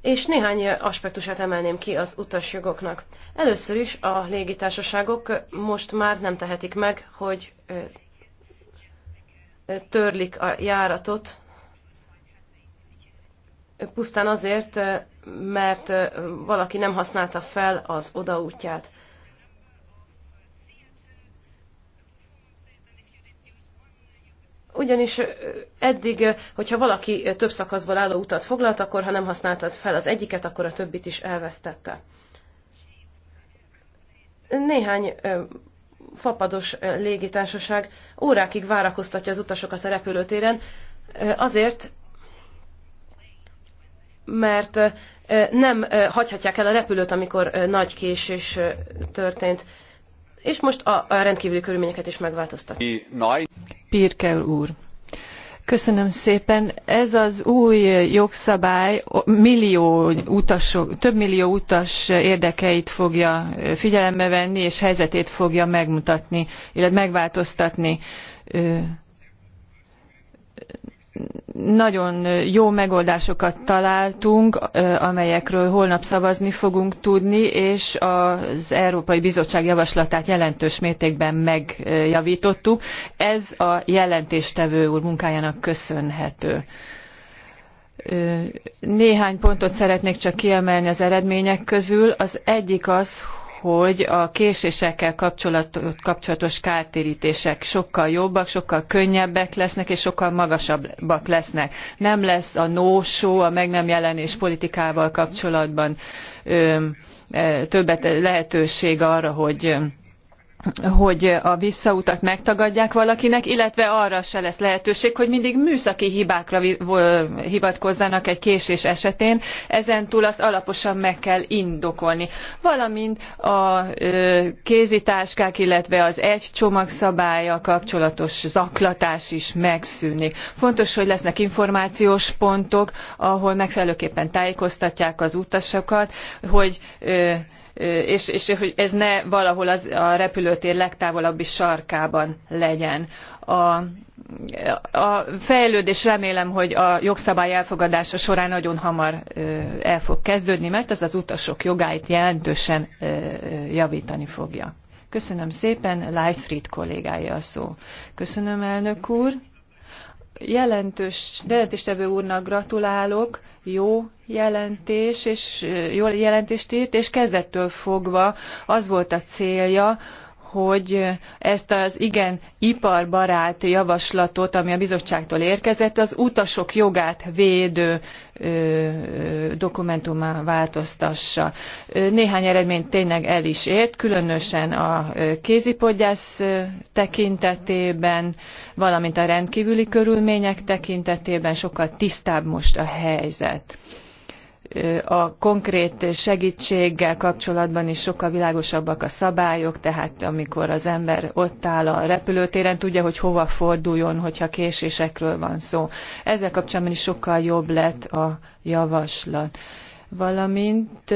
és néhány aspektusát emelném ki az utasjogoknak. Először is a légitársaságok most már nem tehetik meg, hogy törlik a járatot, pusztán azért, mert valaki nem használta fel az odaútját. Ugyanis eddig, hogyha valaki több szakaszból álló utat foglalt, akkor ha nem használtad fel az egyiket, akkor a többit is elvesztette. Néhány fapados légitársaság órákig várakoztatja az utasokat a repülőtéren, azért, mert nem hagyhatják el a repülőt, amikor nagy késés történt és most a, a rendkívüli körülményeket is megváltoztatni. Pirkel úr. Köszönöm szépen. Ez az új jogszabály millió utasok, több millió utas érdekeit fogja figyelembe venni, és helyzetét fogja megmutatni, illetve megváltoztatni nagyon jó megoldásokat találtunk, amelyekről holnap szavazni fogunk tudni, és az Európai Bizottság javaslatát jelentős mértékben megjavítottuk. Ez a jelentéstevő úr munkájának köszönhető. Néhány pontot szeretnék csak kiemelni az eredmények közül. Az egyik az, hogy a késésekkel kapcsolatos kártérítések sokkal jobbak, sokkal könnyebbek lesznek, és sokkal magasabbak lesznek. Nem lesz a no-show, a meg nem jelenés politikával kapcsolatban e, többet lehetőség arra, hogy hogy a visszautat megtagadják valakinek, illetve arra se lesz lehetőség, hogy mindig műszaki hibákra hivatkozzanak egy késés esetén, ezen túl azt alaposan meg kell indokolni. Valamint a kézitáskák, illetve az egy csomag szabálya kapcsolatos zaklatás is megszűnik. Fontos, hogy lesznek információs pontok, ahol megfelelőképpen tájékoztatják az utasokat, hogy és, és hogy ez ne valahol az, a repülőtér legtávolabbi sarkában legyen. A, a fejlődés remélem, hogy a jogszabály elfogadása során nagyon hamar el fog kezdődni, mert ez az utasok jogáit jelentősen javítani fogja. Köszönöm szépen, Leifried kollégája a szó. Köszönöm, elnök úr. Jelentős, jelentéstevő úrnak gratulálok jó jelentés, és jó jelentést írt, és kezdettől fogva az volt a célja, hogy ezt az igen iparbarát javaslatot, ami a bizottságtól érkezett, az utasok jogát védő dokumentumá változtassa. Néhány eredményt tényleg el is ért, különösen a kézipodgyász tekintetében, valamint a rendkívüli körülmények tekintetében sokkal tisztább most a helyzet a konkrét segítséggel kapcsolatban is sokkal világosabbak a szabályok, tehát amikor az ember ott áll a repülőtéren, tudja, hogy hova forduljon, hogyha késésekről van szó. Ezzel kapcsolatban is sokkal jobb lett a javaslat. Valamint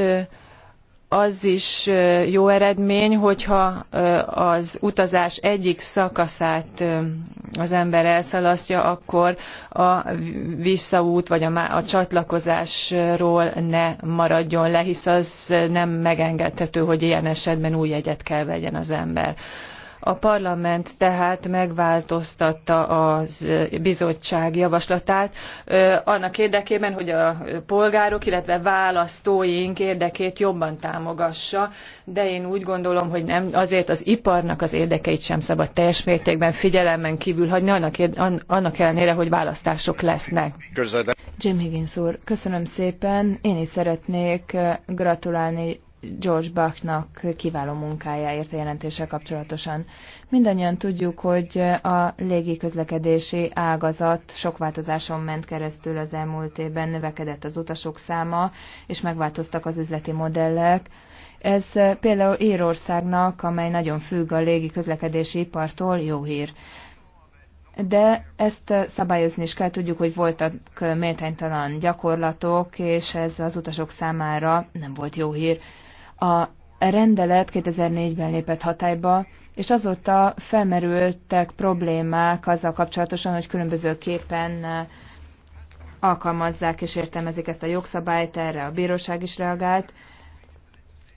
az is jó eredmény, hogyha az utazás egyik szakaszát az ember elszalasztja, akkor a visszaút vagy a, csatlakozásról ne maradjon le, hisz az nem megengedhető, hogy ilyen esetben új jegyet kell vegyen az ember. A parlament tehát megváltoztatta a bizottság javaslatát annak érdekében, hogy a polgárok, illetve választóink érdekét jobban támogassa, de én úgy gondolom, hogy nem azért az iparnak az érdekeit sem szabad teljes mértékben figyelemmen kívül hagyni, annak, annak ellenére, hogy választások lesznek. Jim Higgins úr, köszönöm szépen. Én is szeretnék gratulálni George Bachnak kiváló munkájáért a jelentéssel kapcsolatosan. Mindannyian tudjuk, hogy a légiközlekedési ágazat sok változáson ment keresztül az elmúlt évben, növekedett az utasok száma, és megváltoztak az üzleti modellek. Ez például Írországnak, amely nagyon függ a légiközlekedési ipartól, jó hír de ezt szabályozni is kell. Tudjuk, hogy voltak méltánytalan gyakorlatok, és ez az utasok számára nem volt jó hír. A rendelet 2004-ben lépett hatályba, és azóta felmerültek problémák azzal kapcsolatosan, hogy különbözőképpen eh, alkalmazzák és értelmezik ezt a jogszabályt, erre a bíróság is reagált,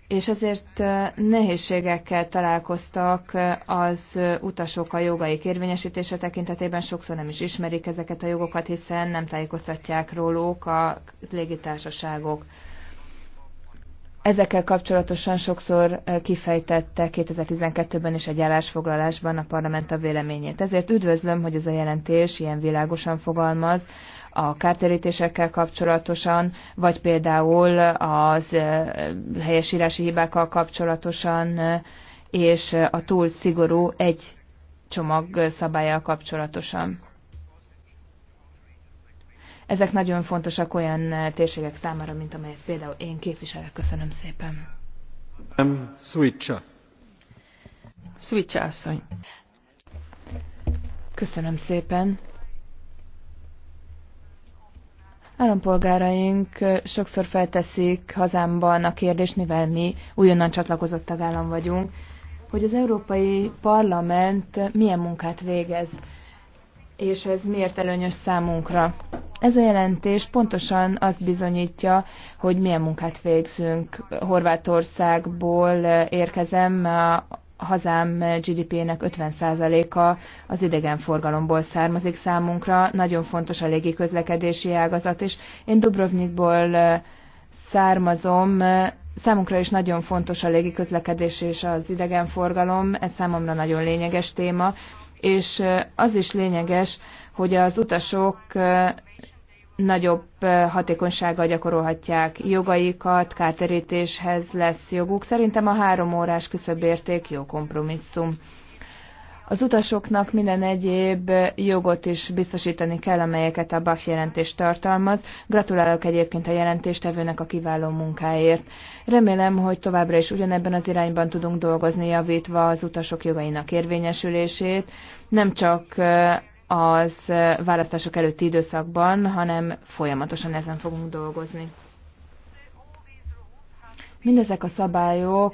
és ezért eh, nehézségekkel találkoztak eh, az utasok a jogaik érvényesítése tekintetében, sokszor nem is ismerik ezeket a jogokat, hiszen nem tájékoztatják róluk a légitársaságok. Ezekkel kapcsolatosan sokszor kifejtette 2012-ben is egy állásfoglalásban a parlament a véleményét. Ezért üdvözlöm, hogy ez a jelentés ilyen világosan fogalmaz a kártérítésekkel kapcsolatosan, vagy például az helyesírási hibákkal kapcsolatosan, és a túl szigorú egy csomag szabályjal kapcsolatosan. Ezek nagyon fontosak olyan eh, térségek számára, mint amelyet például én képviselek. Köszönöm szépen. Nem, Switcha. Switcha asszony. Köszönöm szépen. Állampolgáraink eh, sokszor felteszik hazámban a kérdést, mivel mi újonnan csatlakozott tagállam vagyunk, hogy az Európai Parlament eh, milyen munkát végez és ez miért előnyös számunkra. Ez a jelentés pontosan azt bizonyítja, hogy milyen munkát végzünk. Horvátországból eh, érkezem, a hazám GDP-nek 50%-a az idegenforgalomból származik számunkra. Nagyon fontos a légi közlekedési ágazat, és én Dubrovnikból eh, származom, Számunkra is nagyon fontos a légiközlekedés és az idegenforgalom, ez számomra nagyon lényeges téma, és az is lényeges, hogy az utasok nagyobb hatékonysággal gyakorolhatják jogaikat, kárterítéshez lesz joguk. Szerintem a három órás küszöbérték jó kompromisszum. Az utasoknak minden egyéb jogot is biztosítani kell, amelyeket a BAF jelentés tartalmaz. Gratulálok egyébként a jelentéstevőnek a kiváló munkáért. Remélem, hogy továbbra is ugyanebben az irányban tudunk dolgozni, javítva az utasok jogainak érvényesülését, nem csak az választások előtti időszakban, hanem folyamatosan ezen fogunk dolgozni. Mindezek a szabályok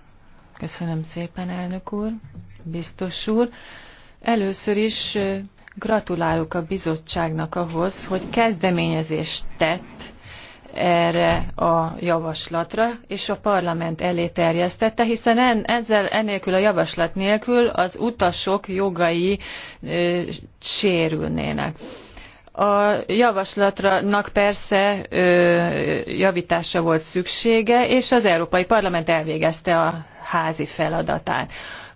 Köszönöm szépen, elnök úr, biztos úr. Először is gratulálok a bizottságnak ahhoz, hogy kezdeményezést tett erre a javaslatra, és a parlament elé terjesztette, hiszen en, ezzel enélkül a javaslat nélkül az utasok jogai ö, sérülnének. A javaslatnak persze ö, javítása volt szüksége, és az Európai Parlament elvégezte a házi feladatát.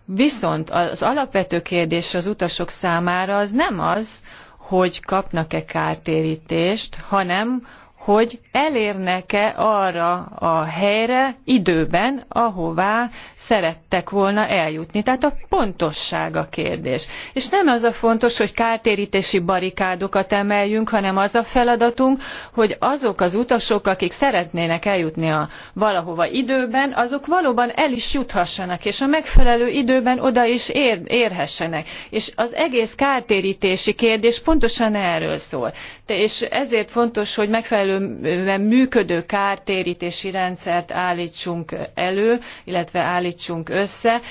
Viszont az alapvető kérdés az utasok számára az nem az, hogy kapnak-e kártérítést, hanem hogy elérnek-e arra a helyre időben, ahová szerettek volna eljutni. Tehát a pontosság a kérdés. És nem az a fontos, hogy kártérítési barikádokat emeljünk, hanem az a feladatunk, hogy azok az utasok, akik szeretnének eljutni a valahova időben, azok valóban el is juthassanak, és a megfelelő időben oda is ér, érhessenek. És az egész kártérítési kérdés pontosan erről szól. és ezért fontos, hogy megfelelő megfelelően működő kártérítési rendszert állítsunk elő, illetve állítsunk össze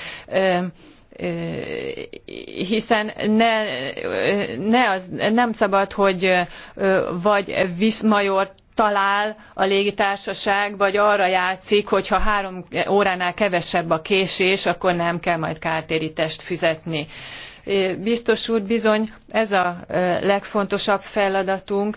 hiszen ne, ne az, nem szabad, hogy vagy Viszmajor talál a légitársaság, vagy arra játszik, hogy ha három óránál kevesebb a késés, akkor nem kell majd kártérítést fizetni. Biztos úr, bizony ez a legfontosabb feladatunk,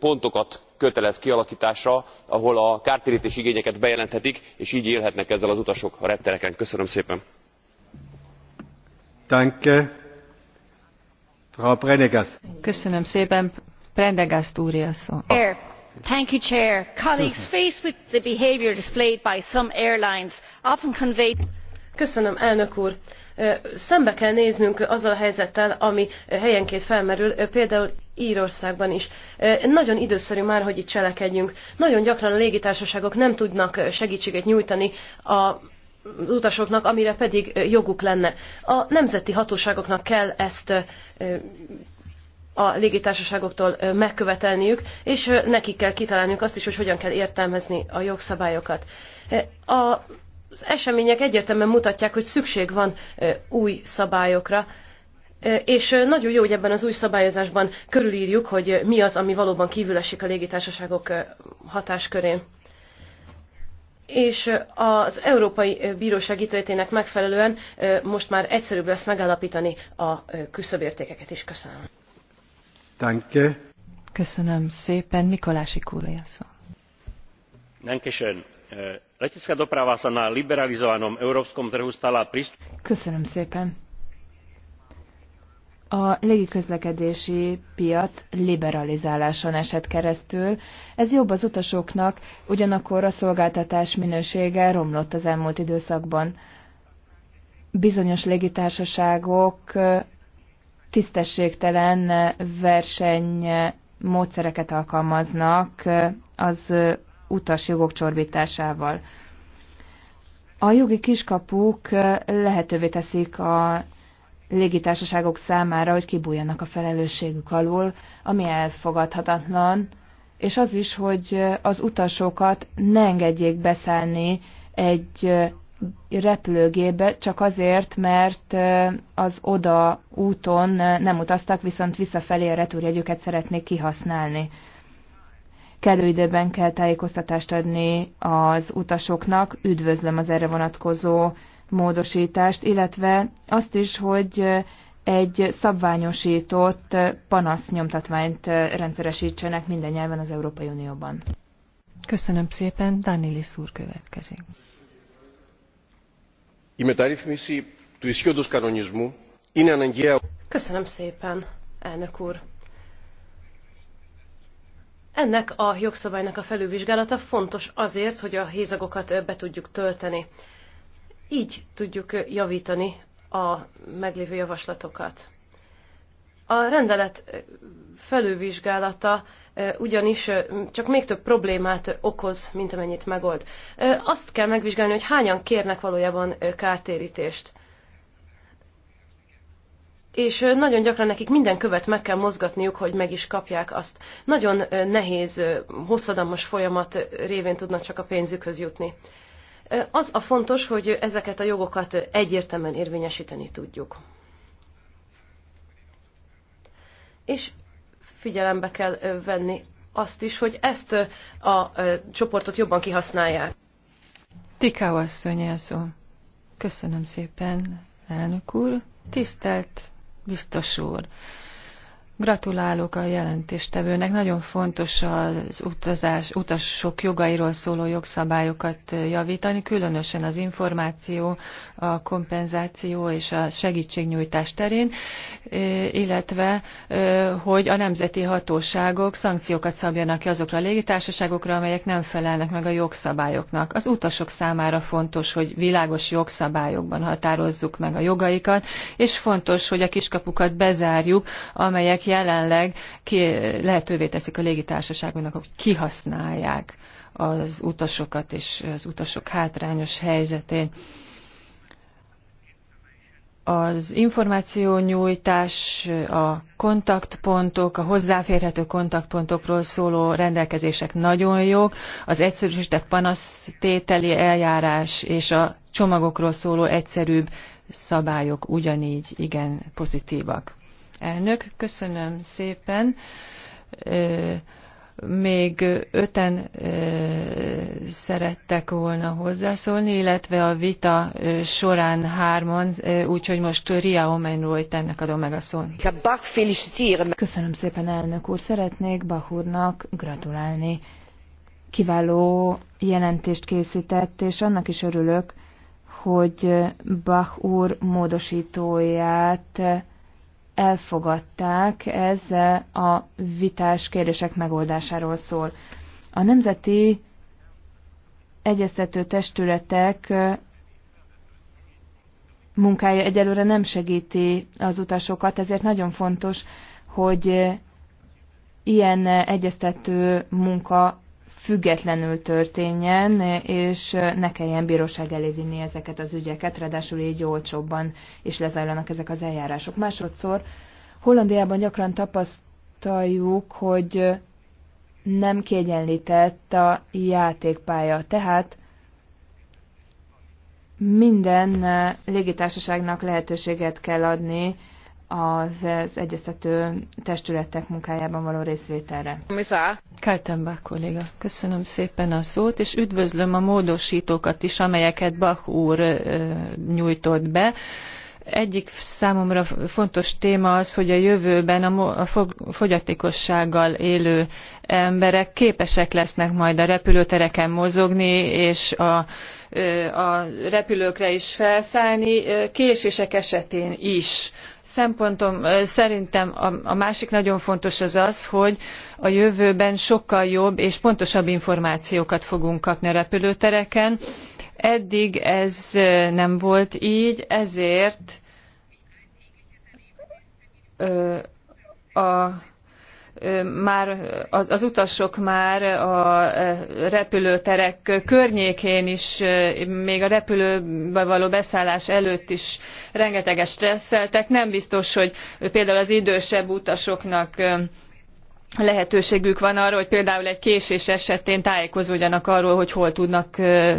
pontokat kötelez kialaktásra ahol a kártértési igényeket bejelenthetik és gy élhetnek ezzel az utasok a reptereken. köszönöm szépen! thank you, Chair. Colleagues, faced with the behaviour displayed by some airlines often convey Köszönöm, elnök úr. Szembe kell néznünk azzal a helyzettel, ami helyenként felmerül, például Írországban is. Nagyon időszerű már, hogy itt cselekedjünk. Nagyon gyakran a légitársaságok nem tudnak segítséget nyújtani a utasoknak, amire pedig joguk lenne. A nemzeti hatóságoknak kell ezt a légitársaságoktól megkövetelniük, és nekik kell kitalálniuk azt is, hogy hogyan kell értelmezni a jogszabályokat. A az események egyértelműen mutatják, hogy szükség van új szabályokra, és nagyon jó, hogy ebben az új szabályozásban körülírjuk, hogy mi az, ami valóban kívül esik a légitársaságok hatáskörén. És az Európai Bíróság ítéletének megfelelően most már egyszerűbb lesz megállapítani a küszöbértékeket is. Köszönöm. Danke. Köszönöm szépen. Mikolási Kúrja szó. Dankeschön letecká doprava sa na liberalizovanom európskom trhu stala Köszönöm szépen. A légiközlekedési piac liberalizáláson esett keresztül. Ez jobb az utasoknak, ugyanakkor a szolgáltatás minősége romlott az elmúlt időszakban. Bizonyos légitársaságok tisztességtelen verseny módszereket alkalmaznak az utas jogok csorbításával. A jogi kiskapuk lehetővé teszik a légitársaságok számára, hogy kibújjanak a felelősségük alól, ami elfogadhatatlan, és az is, hogy az utasokat ne engedjék beszállni egy repülőgébe, csak azért, mert az oda úton nem utaztak, viszont visszafelé a retúrjegyüket szeretnék kihasználni. Kellő időben kell tájékoztatást adni az utasoknak, üdvözlöm az erre vonatkozó módosítást, illetve azt is, hogy egy szabványosított panasznyomtatványt rendszeresítsenek minden nyelven az Európai Unióban. Köszönöm szépen, Danili úr következik. Köszönöm szépen, elnök úr. Ennek a jogszabálynak a felülvizsgálata fontos azért, hogy a hézagokat be tudjuk tölteni. Így tudjuk javítani a meglévő javaslatokat. A rendelet felülvizsgálata ugyanis csak még több problémát okoz, mint amennyit megold. Azt kell megvizsgálni, hogy hányan kérnek valójában kártérítést és nagyon gyakran nekik minden követ meg kell mozgatniuk, hogy meg is kapják azt. Nagyon nehéz, hosszadalmas folyamat révén tudnak csak a pénzükhöz jutni. Az a fontos, hogy ezeket a jogokat egyértelműen érvényesíteni tudjuk. És figyelembe kell venni azt is, hogy ezt a csoportot jobban kihasználják. Tiká asszony Köszönöm szépen, elnök úr. Tisztelt biztos úr. Gratulálok a jelentéstevőnek. Nagyon fontos az utazás, utasok jogairól szóló jogszabályokat javítani, különösen az információ, a kompenzáció és a segítségnyújtás terén, eh, illetve eh, hogy a nemzeti hatóságok szankciókat szabjanak ki azokra a légitársaságokra, amelyek nem felelnek meg a jogszabályoknak. Az utasok számára fontos, hogy világos jogszabályokban határozzuk meg a jogaikat, és fontos, hogy a kiskapukat bezárjuk, amelyek jelenleg ki, lehetővé teszik a légitársaságoknak, hogy kihasználják az utasokat és az utasok hátrányos helyzetén. Az információ nyújtás, a kontaktpontok, a hozzáférhető kontaktpontokról szóló rendelkezések nagyon jók, az egyszerűsített panasztételi eljárás és a csomagokról szóló egyszerűbb szabályok ugyanígy igen pozitívak. Elnök, köszönöm szépen. Még öten szerettek volna hozzászólni, illetve a vita során hárman, úgyhogy most Ria Omenroyt ennek adom meg a szót. Köszönöm szépen, elnök úr. Szeretnék Bach úrnak gratulálni. Kiváló jelentést készített, és annak is örülök, hogy Bach úr módosítóját elfogadták, ez a vitás kérdések megoldásáról szól. A nemzeti egyeztető testületek munkája egyelőre nem segíti az utasokat, ezért nagyon fontos, hogy ilyen egyeztető munka függetlenül történjen, és ne kelljen bíróság elé vinni ezeket az ügyeket, ráadásul így olcsóbban is lezajlanak ezek az eljárások. Másodszor Hollandiában gyakran tapasztaljuk, hogy nem kiegyenlített a játékpálya, tehát minden légitársaságnak lehetőséget kell adni az, az egyeztető testületek munkájában való részvételre. Káltenbach kolléga, köszönöm szépen a szót, és üdvözlöm a módosítókat is, amelyeket Bach úr nyújtott be egyik számomra fontos téma az, hogy a jövőben a fogyatékossággal élő emberek képesek lesznek majd a repülőtereken mozogni, és a, a repülőkre is felszállni, késések esetén is. Szempontom szerintem a, a másik nagyon fontos az az, hogy a jövőben sokkal jobb és pontosabb információkat fogunk kapni a repülőtereken, Eddig ez nem volt így, ezért a már az, az utasok már a repülőterek környékén is, még a repülőbe való beszállás előtt is rengeteget stresszeltek. Nem biztos, hogy például az idősebb utasoknak lehetőségük van arra, hogy például egy késés esetén tájékozódjanak arról, hogy hol tudnak,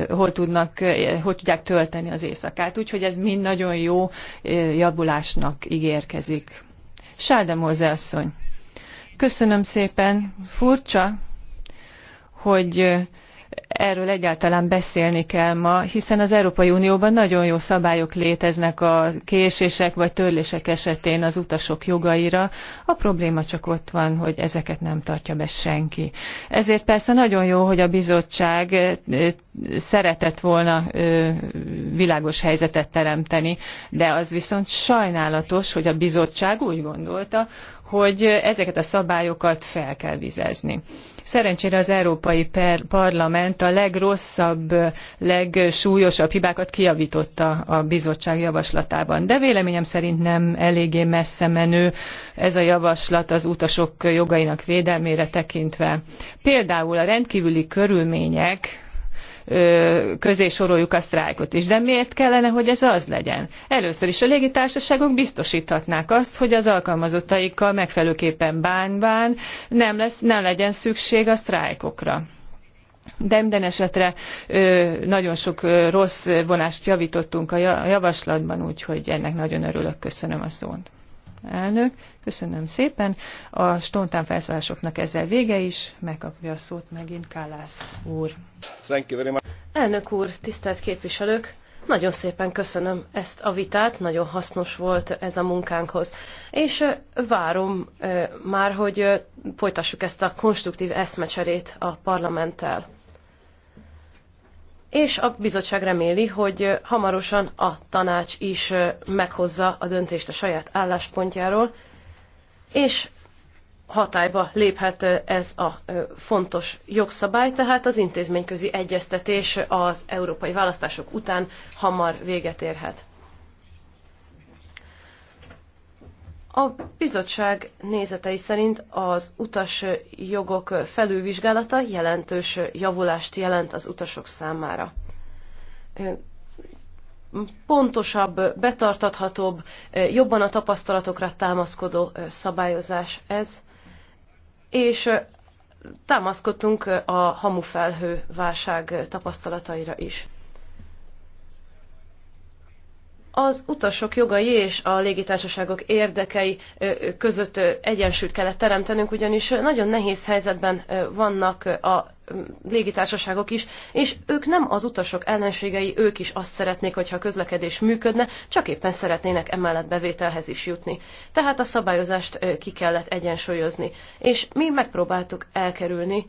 hol tudnak, hol tudják tölteni az éjszakát. Úgyhogy ez mind nagyon jó javulásnak ígérkezik. Sáldem asszony. Köszönöm szépen. Furcsa, hogy erről egyáltalán beszélni kell ma, hiszen az Európai Unióban nagyon jó szabályok léteznek a késések vagy törlések esetén az utasok jogaira. A probléma csak ott van, hogy ezeket nem tartja be senki. Ezért persze nagyon jó, hogy a bizottság szeretett volna világos helyzetet teremteni, de az viszont sajnálatos, hogy a bizottság úgy gondolta, hogy ezeket a szabályokat fel kell vizezni. Szerencsére az Európai Parlament a legrosszabb, legsúlyosabb hibákat kijavította a bizottság javaslatában. De véleményem szerint nem eléggé messze menő ez a javaslat az utasok jogainak védelmére tekintve. Például a rendkívüli körülmények, közé soroljuk a sztrájkot is. De miért kellene, hogy ez az legyen? Először is a légitársaságok biztosíthatnák azt, hogy az alkalmazottaikkal megfelelőképpen bánván nem, lesz, nem legyen szükség a sztrájkokra. De minden esetre nagyon sok rossz vonást javítottunk a javaslatban, úgyhogy ennek nagyon örülök. Köszönöm a szót. Elnök, köszönöm szépen. A spontán felszólásoknak ezzel vége is. Megkapja a szót megint Kálász úr. Elnök úr, tisztelt képviselők! Nagyon szépen köszönöm ezt a vitát, nagyon hasznos volt ez a munkánkhoz. És várom már, hogy folytassuk ezt a konstruktív eszmecserét a parlamenttel és a bizottság reméli, hogy hamarosan a tanács is meghozza a döntést a saját álláspontjáról, és hatályba léphet ez a fontos jogszabály, tehát az intézményközi egyeztetés az európai választások után hamar véget érhet. A bizottság nézetei szerint az utas jogok felülvizsgálata jelentős javulást jelent az utasok számára. Pontosabb, betartathatóbb, jobban a tapasztalatokra támaszkodó szabályozás ez, és támaszkodtunk a hamufelhő válság tapasztalataira is az utasok jogai és a légitársaságok érdekei között egyensúlyt kellett teremtenünk, ugyanis nagyon nehéz helyzetben vannak a légitársaságok is, és ők nem az utasok ellenségei, ők is azt szeretnék, hogyha a közlekedés működne, csak éppen szeretnének emellett bevételhez is jutni. Tehát a szabályozást ki kellett egyensúlyozni, és mi megpróbáltuk elkerülni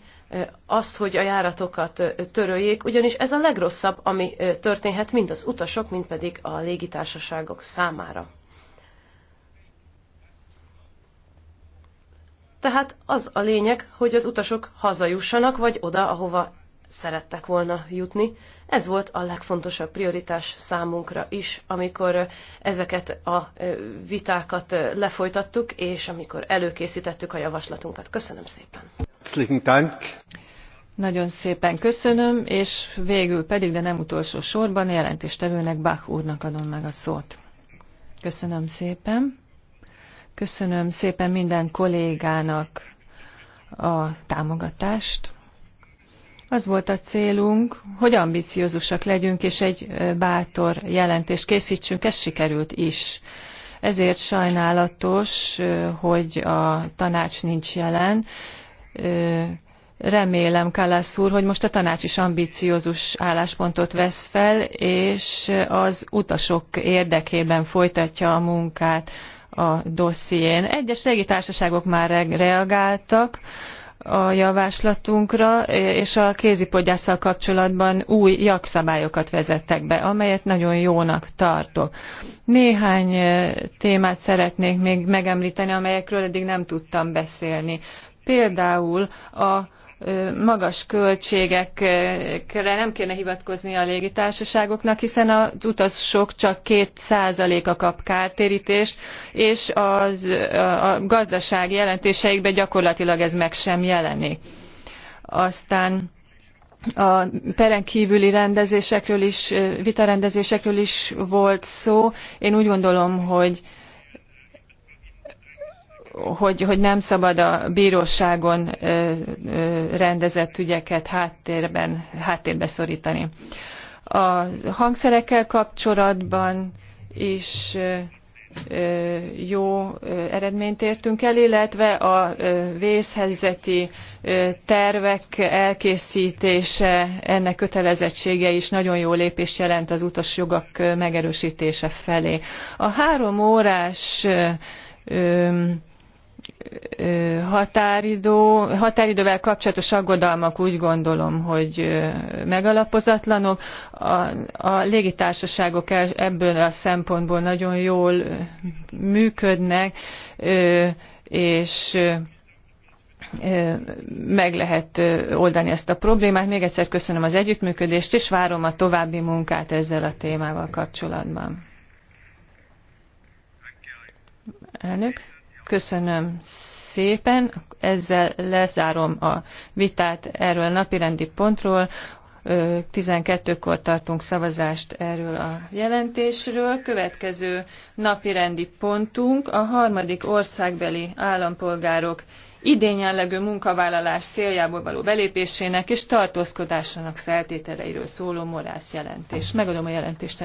azt, hogy a járatokat töröljék, ugyanis ez a legrosszabb, ami történhet mind az utasok, mind pedig a légitársaságok számára. Tehát az a lényeg, hogy az utasok hazajussanak, vagy oda, ahova szerettek volna jutni. Ez volt a legfontosabb prioritás számunkra is, amikor ezeket a vitákat lefolytattuk, és amikor előkészítettük a javaslatunkat. Köszönöm szépen! Nagyon szépen köszönöm, és végül pedig, de nem utolsó sorban, a jelentéstevőnek Bach úrnak adom meg a szót. Köszönöm szépen. Köszönöm szépen minden kollégának a támogatást. Az volt a célunk, hogy ambiciózusak legyünk, és egy bátor jelentést készítsünk, ez sikerült is. Ezért sajnálatos, hogy a tanács nincs jelen. Remélem, Kalász úr, hogy most a tanács is ambiciózus álláspontot vesz fel, és az utasok érdekében folytatja a munkát a dosszién. Egyes légitársaságok már reagáltak, a javaslatunkra, és a kézipodgyásszal kapcsolatban új jogszabályokat vezettek be, amelyet nagyon jónak tartok. Néhány eh, témát szeretnék még megemlíteni, amelyekről eddig nem tudtam beszélni. Például a magas költségekre nem kéne hivatkozni a légitársaságoknak, hiszen az utasok csak 2%-a kap kártérítést, és az, a gazdasági jelentéseikben gyakorlatilag ez meg sem jelenik. Aztán a peren kívüli rendezésekről is, vitarendezésekről is volt szó. Én úgy gondolom, hogy hogy, hogy nem szabad a bíróságon rendezett ügyeket háttérben, háttérbe szorítani. A hangszerekkel kapcsolatban is jó eredményt értünk el, illetve a vészhelyzeti tervek elkészítése, ennek kötelezettsége is nagyon jó lépést jelent az utas jogak megerősítése felé. A három órás határidó, határidővel kapcsolatos aggodalmak úgy gondolom, hogy megalapozatlanok. A, a légitársaságok e, ebből a szempontból nagyon jól működnek, és meg lehet oldani ezt a problémát. Még egyszer köszönöm az együttműködést, és várom a további munkát ezzel a témával kapcsolatban. Elnök. Köszönöm szépen. Ezzel lezárom a vitát erről a napirendi pontról. 12-kor tartunk szavazást erről a jelentésről. Következő napirendi pontunk a harmadik országbeli állampolgárok idényjellegű munkavállalás céljából való belépésének és tartózkodásának feltételeiről szóló morász jelentés. Megadom a jelentést